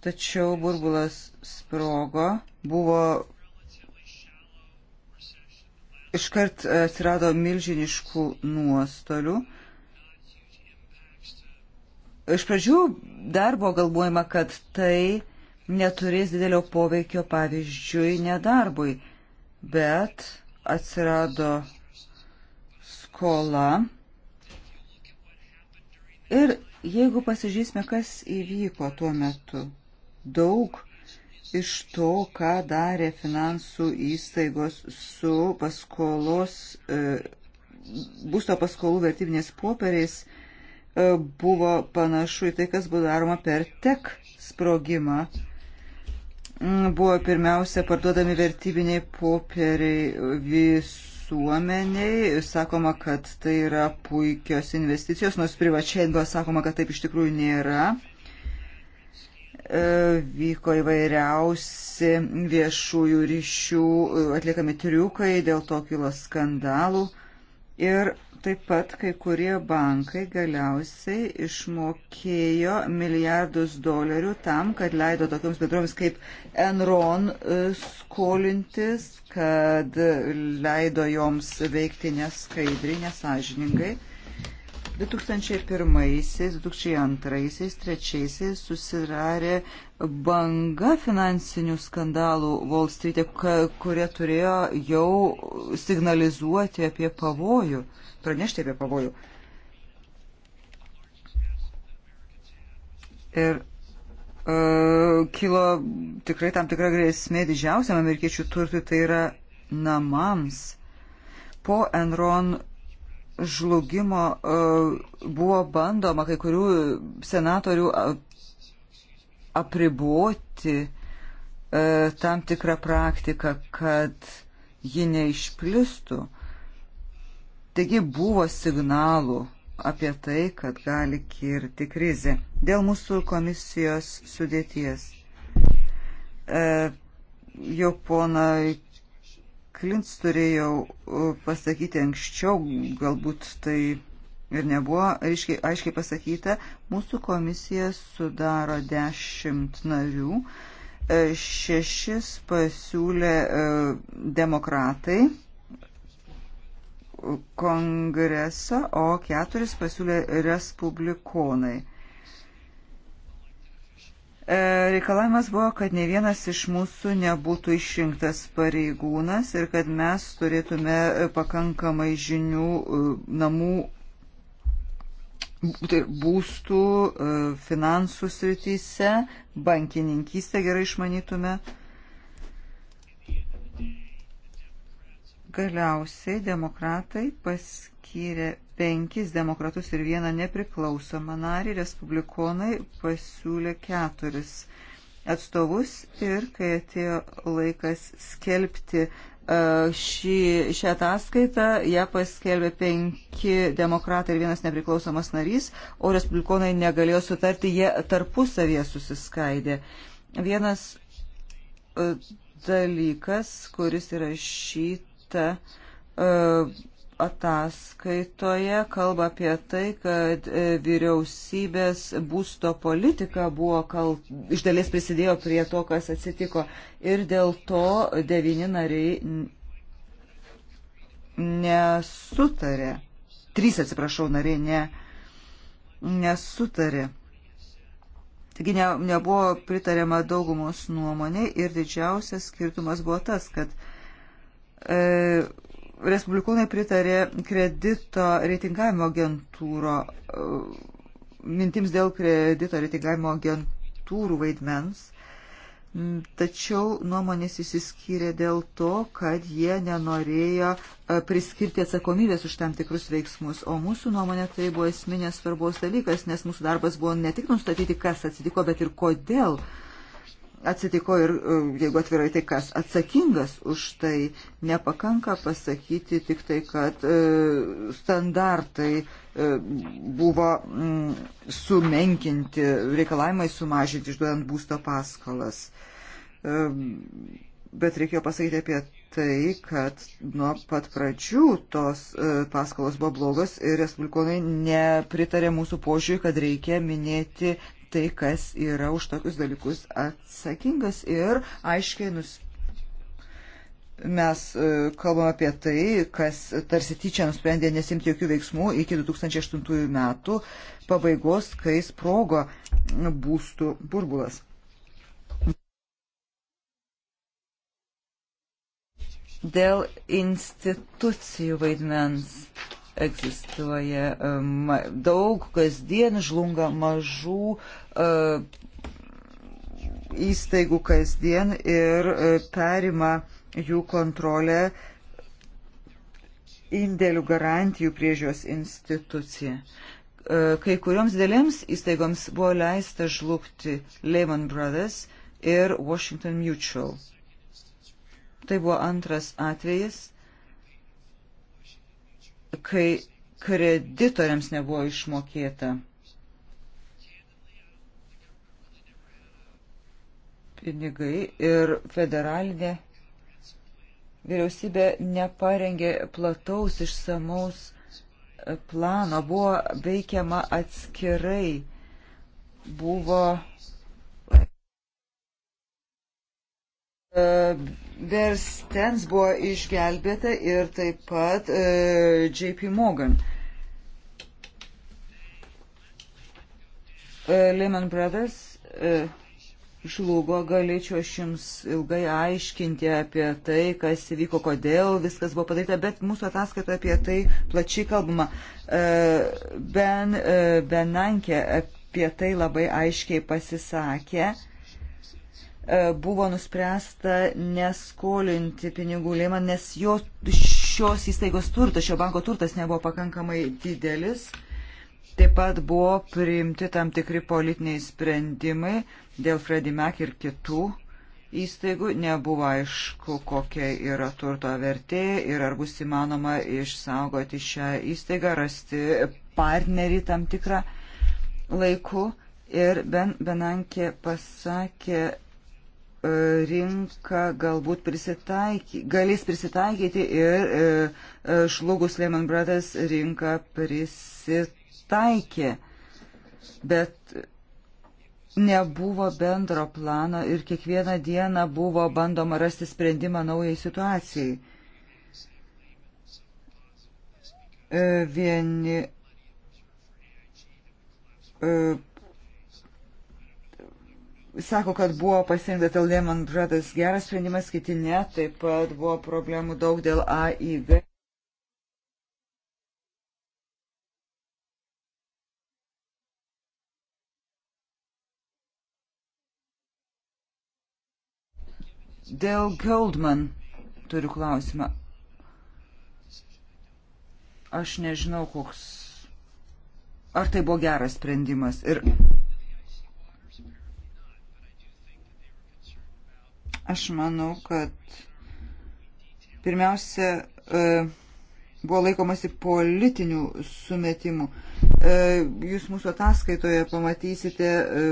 tačiau burbulas sprogo, buvo iškart atsirado milžiniškų nuostolių. Iš pradžių dar buvo galvojama, kad tai neturės didelio poveikio pavyzdžiui nedarbui, bet atsirado skola. Ir jeigu pasižiūrėsime, kas įvyko tuo metu, daug iš to, ką darė finansų įstaigos su paskolos, e, būsto paskolų vertybinės popieriais, e, buvo panašu į tai, kas buvo daroma per tek sprogimą. Mm, buvo pirmiausia parduodami vertybiniai popieriai visuomeniai, sakoma, kad tai yra puikios investicijos, nors privačiai buvo sakoma, kad taip iš tikrųjų nėra E, vyko įvairiausi viešųjų ryšių e, atliekami triukai, dėl to kilo skandalų. Ir taip pat kai kurie bankai galiausiai išmokėjo milijardus dolerių tam, kad leido tokioms bendrovėms kaip Enron e, skolintis, kad leido joms veikti neskaidriai, nesažiningai. 2001-2002-2003 susirarė banga finansinių skandalų Wall Street'e, kurie turėjo jau signalizuoti apie pavojų, pranešti apie pavojų. Ir uh, kilo tikrai tam tikra grėsmė didžiausiam amerikiečių turtui, tai yra namams. Po Enron žlugimo e, buvo bandoma kai kurių senatorių apriboti e, tam tikrą praktiką, kad ji neišplistų. Taigi buvo signalų apie tai, kad gali kirti krizė. Dėl mūsų komisijos sudėties. E, jau ponai Klins turėjau pasakyti anksčiau, galbūt tai ir nebuvo aiškiai, aiškiai pasakyta, mūsų komisija sudaro dešimt narių, e, šešis pasiūlė e, demokratai kongresą, o keturis pasiūlė respublikonai. E, reikalavimas buvo, kad ne vienas iš mūsų nebūtų išrinktas pareigūnas ir kad mes turėtume e, pakankamai žinių e, namų tai būstų, finansų srityse, bankininkystę gerai išmanytume. Galiausiai demokratai paskirti paskyrė penkis demokratus ir vieną nepriklausomą narį, respublikonai pasiūlė keturis atstovus ir kai atėjo laikas skelbti e, šį, šią ataskaitą, ją paskelbė penki demokratai ir vienas nepriklausomas narys, o respublikonai negalėjo sutarti, jie tarpusavėje susiskaidė. Vienas e, dalykas, kuris yra šita e, ataskaitoje kalba apie tai, kad e, vyriausybės būsto politika buvo kal... iš dalies prisidėjo prie to, kas atsitiko. Ir dėl to devyni nariai nesutarė. Trys, atsiprašau, nariai ne... nesutarė. Taigi ne, nebuvo pritariama daugumos nuomonė ir didžiausias skirtumas buvo tas, kad e, Respublikonai pritarė kredito reitingavimo agentūro e, mintims dėl kredito reitingavimo agentūrų vaidmens, mm, tačiau nuomonės įsiskyrė dėl to, kad jie nenorėjo e, priskirti atsakomybės už tam tikrus veiksmus, o mūsų nuomonė tai buvo esminės svarbos dalykas, nes mūsų darbas buvo ne tik nustatyti, kas atsitiko, bet ir kodėl uh, atsitiko ir, e, jeigu atvirai, tai kas atsakingas už tai. Nepakanka pasakyti tik tai, kad e, standartai e, buvo mm, sumenkinti, reikalavimai sumažinti, išduodant būsto paskolas. Bet reikėjo pasakyti apie tai, kad nuo pat pradžių tos paskolos buvo blogos ir respublikonai nepritarė mūsų požiūrį, kad reikia minėti tai, kas yra už tokius dalykus atsakingas ir aiškiai nus. Mes e, kalbam apie tai, kas tarsi tyčia nusprendė nesimti jokių veiksmų iki 2008 metų pabaigos, kai sprogo būstų burbulas. dėl institucijų vaidmens. Egzistuoja um, daug kasdien žlunga mažų uh, įstaigų kasdien ir uh, perima jų kontrolę indėlių garantijų priežios institucija. Uh, kai kurioms dėlėms įstaigoms buvo leista žlugti Lehman Brothers ir Washington Mutual. Tai buvo antras atvejis kai kreditoriams nebuvo išmokėta. Pinigai ir federalinė vyriausybė neparengė plataus išsamaus plano, buvo veikiama atskirai, buvo Verstens e, buvo išgelbėta ir taip pat e, JP Morgan. E, Lehman Brothers e, žlugo, galėčiau aš jums ilgai aiškinti apie tai, kas įvyko, kodėl viskas buvo padaryta, bet mūsų ataskaitoje apie tai plačiai kalbama. E, ben, e, Benankė apie tai labai aiškiai pasisakė. E, E, buvo nuspręsta neskolinti pinigų lėmą, nes jo, šios įstaigos turtas, šio banko turtas nebuvo pakankamai didelis. Taip pat buvo priimti tam tikri politiniai sprendimai dėl Freddie Mac ir kitų įstaigų. Nebuvo aišku, kokia yra turto vertė ir ar bus įmanoma išsaugoti šią įstaigą, rasti partnerį tam tikrą laiku. Ir ben, Benankė pasakė E, rinka galbūt prisitaiky, galės prisitaikyti ir šlugus e, e, Lehman Brothers rinka prisitaikė. Bet nebuvo bendro plano ir kiekvieną dieną buvo bandoma rasti sprendimą naujai situacijai. Vieni sako, kad buvo pasirinkta dėl Lehman Brothers geras sprendimas, kiti ne, taip pat buvo problemų daug dėl AIB. Dėl Goldman turiu klausimą. Aš nežinau, koks. Ar tai buvo geras sprendimas? Ir Aš manau, kad pirmiausia e, buvo laikomasi politinių sumetimų. E, jūs mūsų ataskaitoje pamatysite e,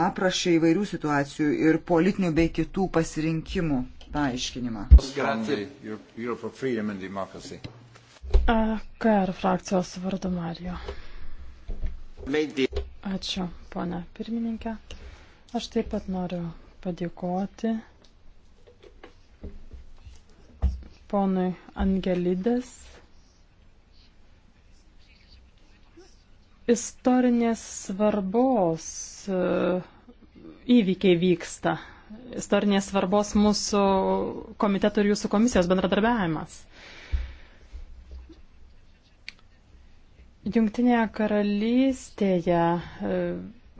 aprašę įvairių situacijų ir politinių bei kitų pasirinkimų paaiškinimą. KR frakcijos vardu Marijo. Ačiū, ponia pirmininkė. Aš taip pat noriu padėkoti ponui Angelidės. Istorinės svarbos e, įvykiai vyksta. Istorinės svarbos mūsų komiteto ir jūsų komisijos bendradarbiavimas. Jungtinėje karalystėje e,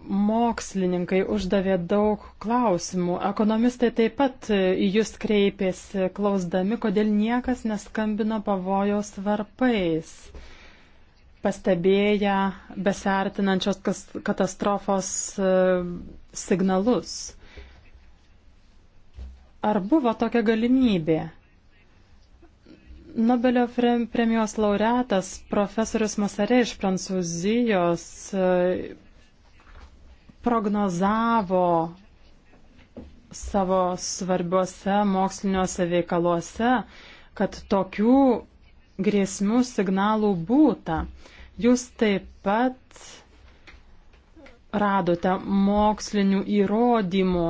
mokslininkai uždavė daug klausimų. Ekonomistai taip pat į jūs kreipėsi, klausdami, kodėl niekas neskambina pavojaus varpais, pastebėję besartinančios katastrofos e, signalus. Ar buvo tokia galimybė? Nobelio premijos laureatas profesorius Masarė iš Prancūzijos e, prognozavo savo svarbiuose moksliniuose veikaluose, kad tokių grėsmių signalų būta. Jūs taip pat radote mokslinių įrodymų.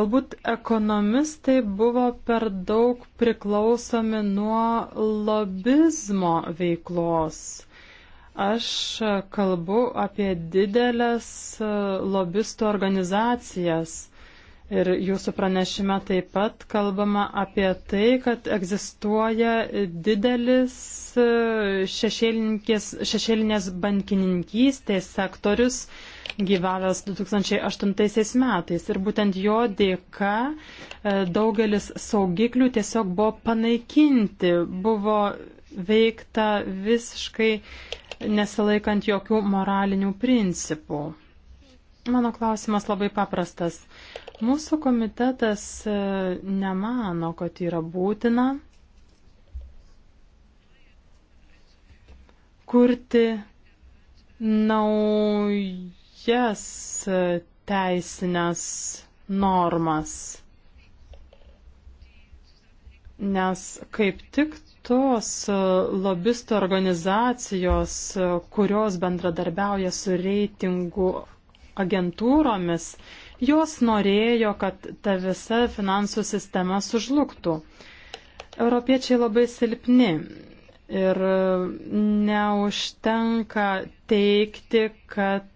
Galbūt ekonomistai buvo per daug priklausomi nuo lobizmo veiklos. Aš kalbu apie didelės e, lobistų organizacijas. Ir jūsų pranešime taip pat kalbama apie tai, kad egzistuoja didelis e, šešėlinės bankininkystės sektorius gyvavęs 2008 metais. Ir būtent jo dėka e, daugelis saugiklių tiesiog buvo panaikinti, buvo veikta visiškai nesilaikant jokių moralinių principų. Mano klausimas labai paprastas. Mūsų komitetas e, nemano, kad yra būtina kurti naujas teisinės normas. Nes kaip tik tos e, lobistų organizacijos, e, kurios bendradarbiauja su reitingų agentūromis, jos norėjo, kad ta visa finansų sistema sužlugtų. Europiečiai labai silpni ir e, neužtenka teikti, kad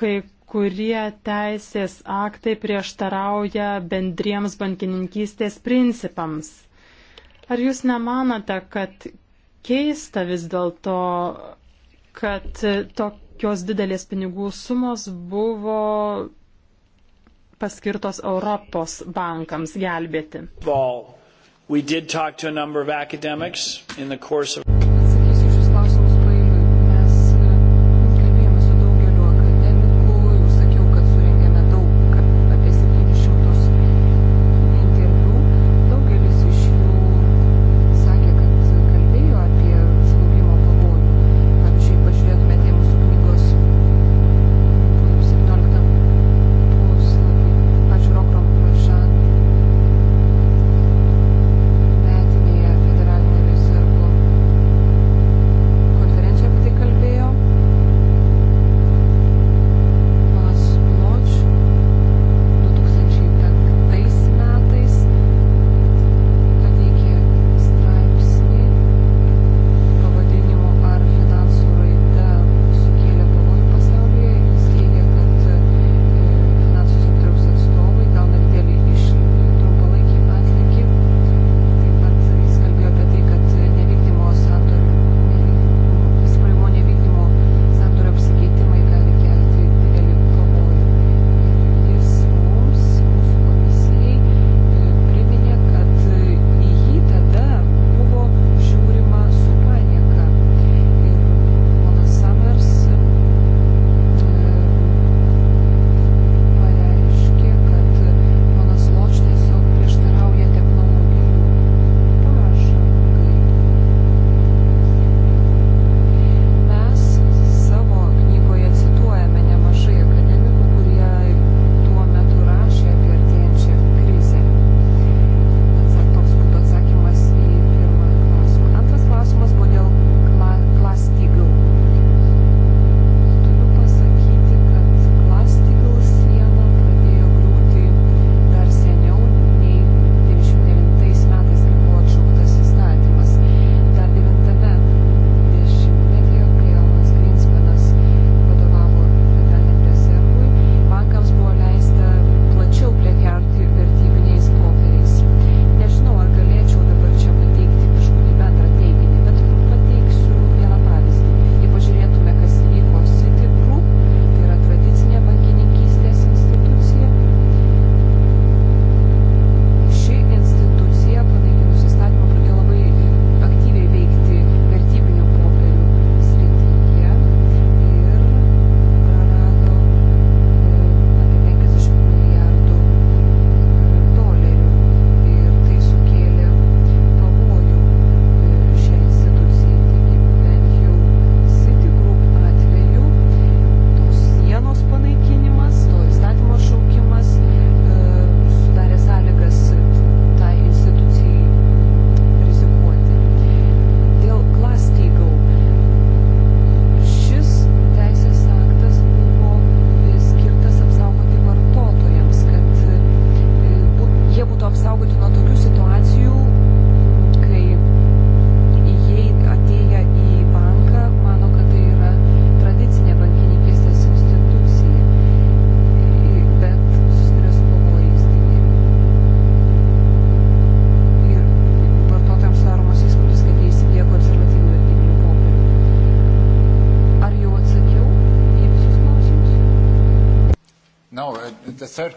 kai kurie teisės aktai prieštarauja bendriems bankininkystės principams. Ar jūs nemanote, kad keista vis dėlto, kad tokios didelės pinigų sumos buvo paskirtos Europos bankams gelbėti? Ball. We did talk to a number of academics in the course of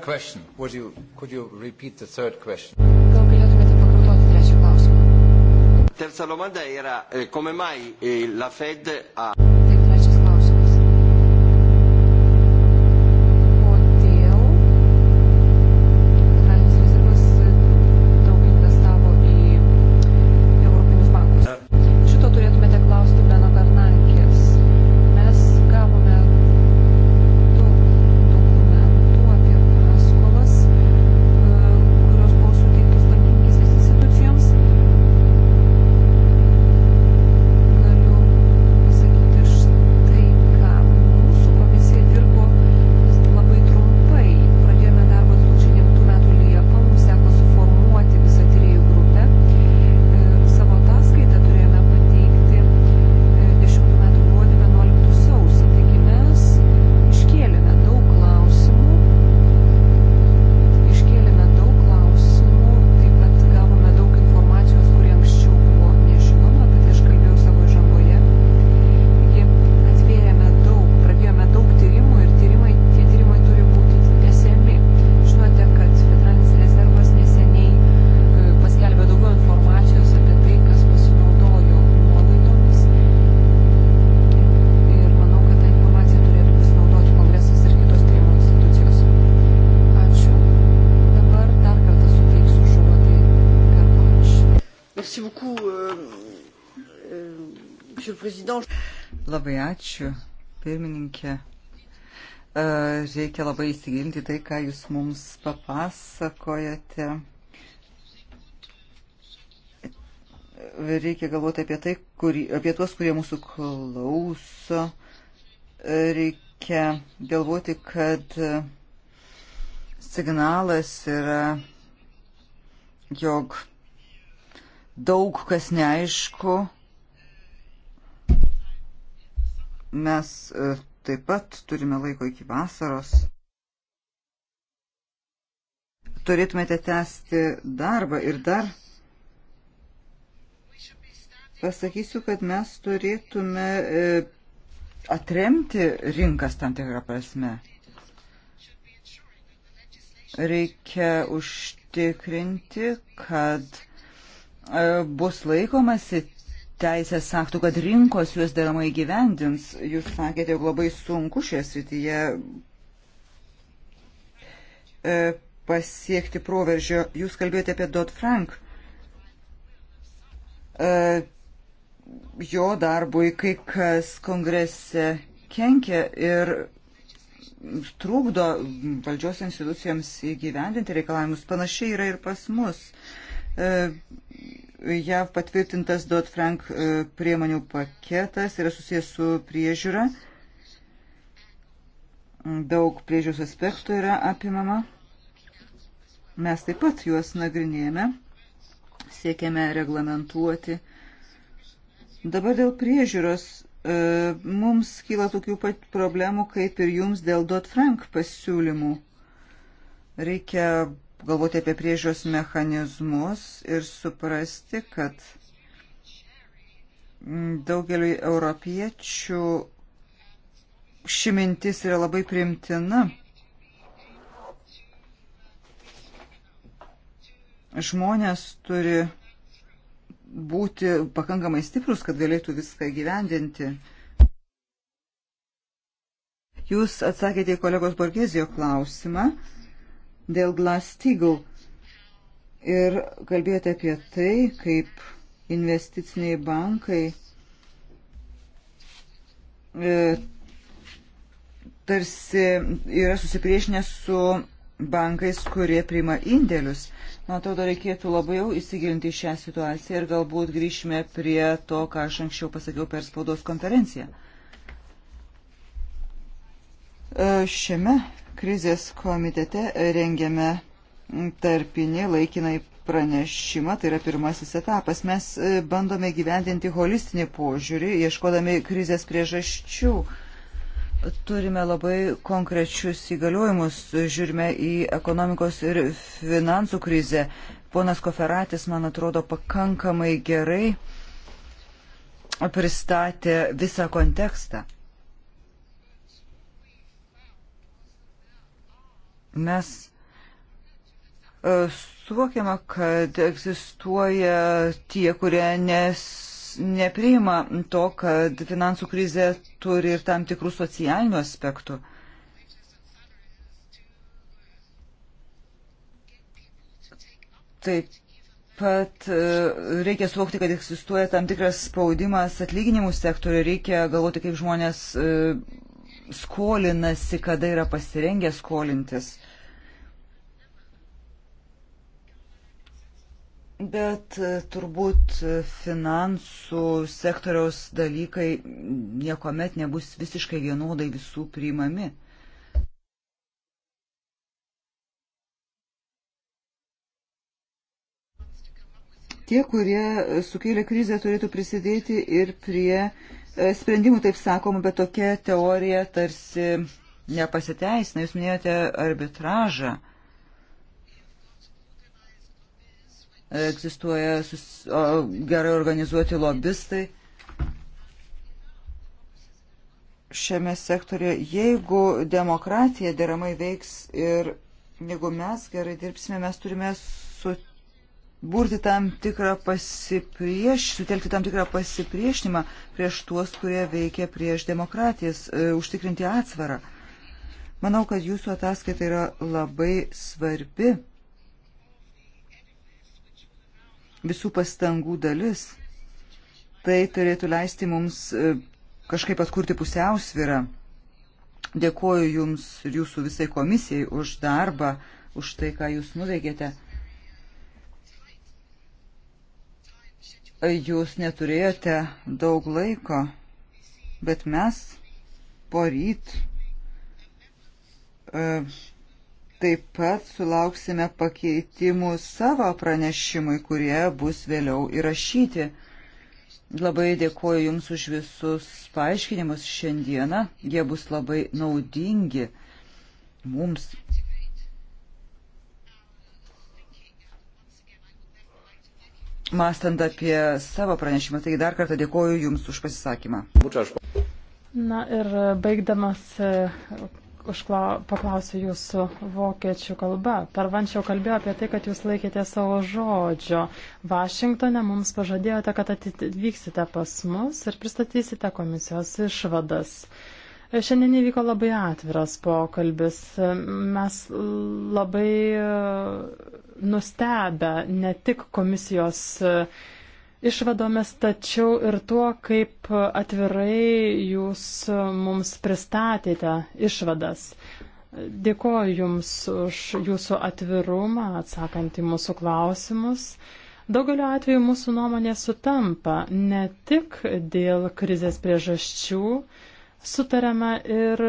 question. Would you, could you repeat the third question? Gal galėtumėte pakartoti trečią klausimą? Terza domanda era eh, come mai eh, la Fed ha... Labai ačiū, pirmininkė. E, reikia labai įsigilinti tai, ką jūs mums papasakojate. Reikia galvoti apie tai, kur, apie tuos, kurie mūsų klauso. E, reikia galvoti, kad signalas yra, jog daug kas neaišku Mes e, taip pat turime laiko iki vasaros. Turėtumėte tęsti darbą ir dar pasakysiu, kad mes turėtume e, atremti rinkas tam tikrą prasme. Reikia užtikrinti, kad e, bus laikomasi teisės aktų, kad rinkos juos deramai gyvendins. Jūs sakėte, jog labai sunku šioje srityje e, pasiekti proveržio. Jūs kalbėjote apie Dot Frank. E, jo darbui kai kas kongrese kenkia ir trūkdo valdžios institucijoms įgyvendinti reikalavimus. Panašiai yra ir pas mus. E, JAV patvirtintas Dot Frank e, priemonių paketas yra susijęs su priežiūra. Daug priežiūros aspektų yra apimama. Mes taip pat juos nagrinėjame, siekiame reglamentuoti. Dabar dėl priežiūros e, mums kyla tokių pat problemų, kaip ir jums dėl Dot Frank pasiūlymų. Reikia galvoti apie priežios mechanizmus ir suprasti, kad daugeliu europiečių ši mintis yra labai primtina. Žmonės turi būti pakankamai stiprus, kad galėtų viską gyvendinti. Jūs atsakėte į kolegos Borgezijo klausimą dėl Glass-Steagall ir kalbėjote apie tai, kaip investiciniai bankai e, tarsi yra susipriešinę su bankais, kurie priima indėlius. Man atrodo, reikėtų labai jau įsigilinti šią situaciją ir galbūt grįšime prie to, ką aš anksčiau pasakiau per spaudos konferenciją. E, šiame Krizės komitete rengiame tarpinį laikinai pranešimą, tai yra pirmasis etapas. Mes e, bandome gyvendinti holistinį požiūrį, ieškodami krizės priežasčių. Turime labai konkrečius įgaliojimus, žiūrime į ekonomikos ir finansų krizę. Ponas Koferatis, man atrodo, pakankamai gerai pristatė visą kontekstą. Mes e, suvokiama, kad egzistuoja tie, kurie nes, nepriima to, kad finansų krizė turi ir tam tikrų socialinių aspektų. Taip pat e, reikia suvokti, kad egzistuoja tam tikras spaudimas atlyginimų sektoriui, reikia galvoti, kaip žmonės e, skolinasi, kada yra pasirengę skolintis. Bet e, turbūt e, finansų sektoriaus dalykai niekuomet nebus visiškai vienodai visų priimami. Tie, kurie sukėlė krizę, turėtų prisidėti ir prie e, sprendimų, taip sakoma, bet tokia teorija tarsi nepasiteisina. Jūs minėjote arbitražą. egzistuoja sus, o, gerai organizuoti lobistai šiame sektorė, jeigu demokratija deramai veiks ir jeigu mes gerai dirbsime, mes turime suburti tam tikrą pasiprieš, sutelkti tam tikrą pasipriešinimą prieš tuos, kurie veikia prieš demokratijas, e, užtikrinti atsvarą. Manau, kad jūsų ataskaita yra labai svarbi. visų pastangų dalis. Tai turėtų leisti mums e, kažkaip atkurti pusiausvyrą. Dėkuoju Jums ir Jūsų visai komisijai už darbą, už tai, ką Jūs nuveikėte. Jūs neturėjote daug laiko, bet mes poryt uh, taip pat sulauksime pakeitimų savo pranešimui, kurie bus vėliau įrašyti. Labai dėkuoju Jums už visus paaiškinimus šiandieną. Jie bus labai naudingi mums. Mastant apie savo pranešimą, tai dar kartą dėkuoju Jums už pasisakymą. Na ir baigdamas užkla, paklausiu jūsų vokiečių kalba. Pervančiau kalbėjo apie tai, kad jūs laikėte savo žodžio. Vašingtone mums pažadėjote, kad atvyksite pas mus ir pristatysite komisijos išvadas. Šiandien įvyko labai atviras pokalbis. Mes labai nustebę ne tik komisijos išvadomis, tačiau ir tuo, kaip atvirai jūs mums pristatėte išvadas. Dėkoju Jums už Jūsų atvirumą, atsakant į mūsų klausimus. Daugelio atveju mūsų nuomonė sutampa ne tik dėl krizės priežasčių, sutarėme ir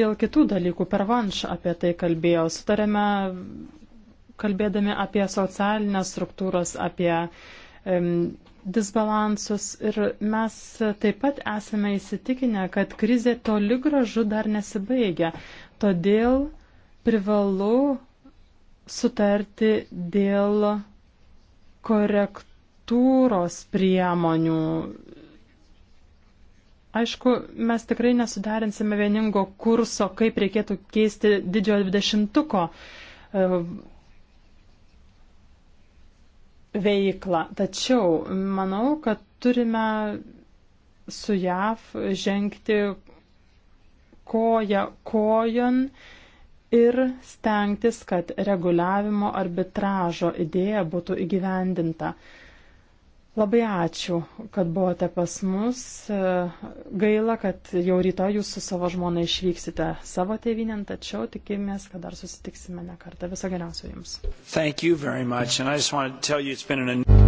dėl kitų dalykų. Per vanšą apie tai kalbėjau. Sutarėme kalbėdami apie socialinės struktūros, apie uh, disbalansus ir mes taip pat esame įsitikinę, kad krizė toli gražu dar nesibaigia. Todėl privalu sutarti dėl korektūros priemonių. Aišku, mes tikrai nesudarinsime vieningo kurso, kaip reikėtų keisti didžiojo dvidešimtuko veiklą. Tačiau manau, kad turime su JAV žengti koja kojon ir stengtis, kad reguliavimo arbitražo idėja būtų įgyvendinta. Labai ačiū, kad buvote pas mus. Gaila, kad jau rytoj jūs su savo žmona išvyksite savo tėvinin, tačiau tikimės, kad dar susitiksime ne kartą. Viso geriausio jums. An...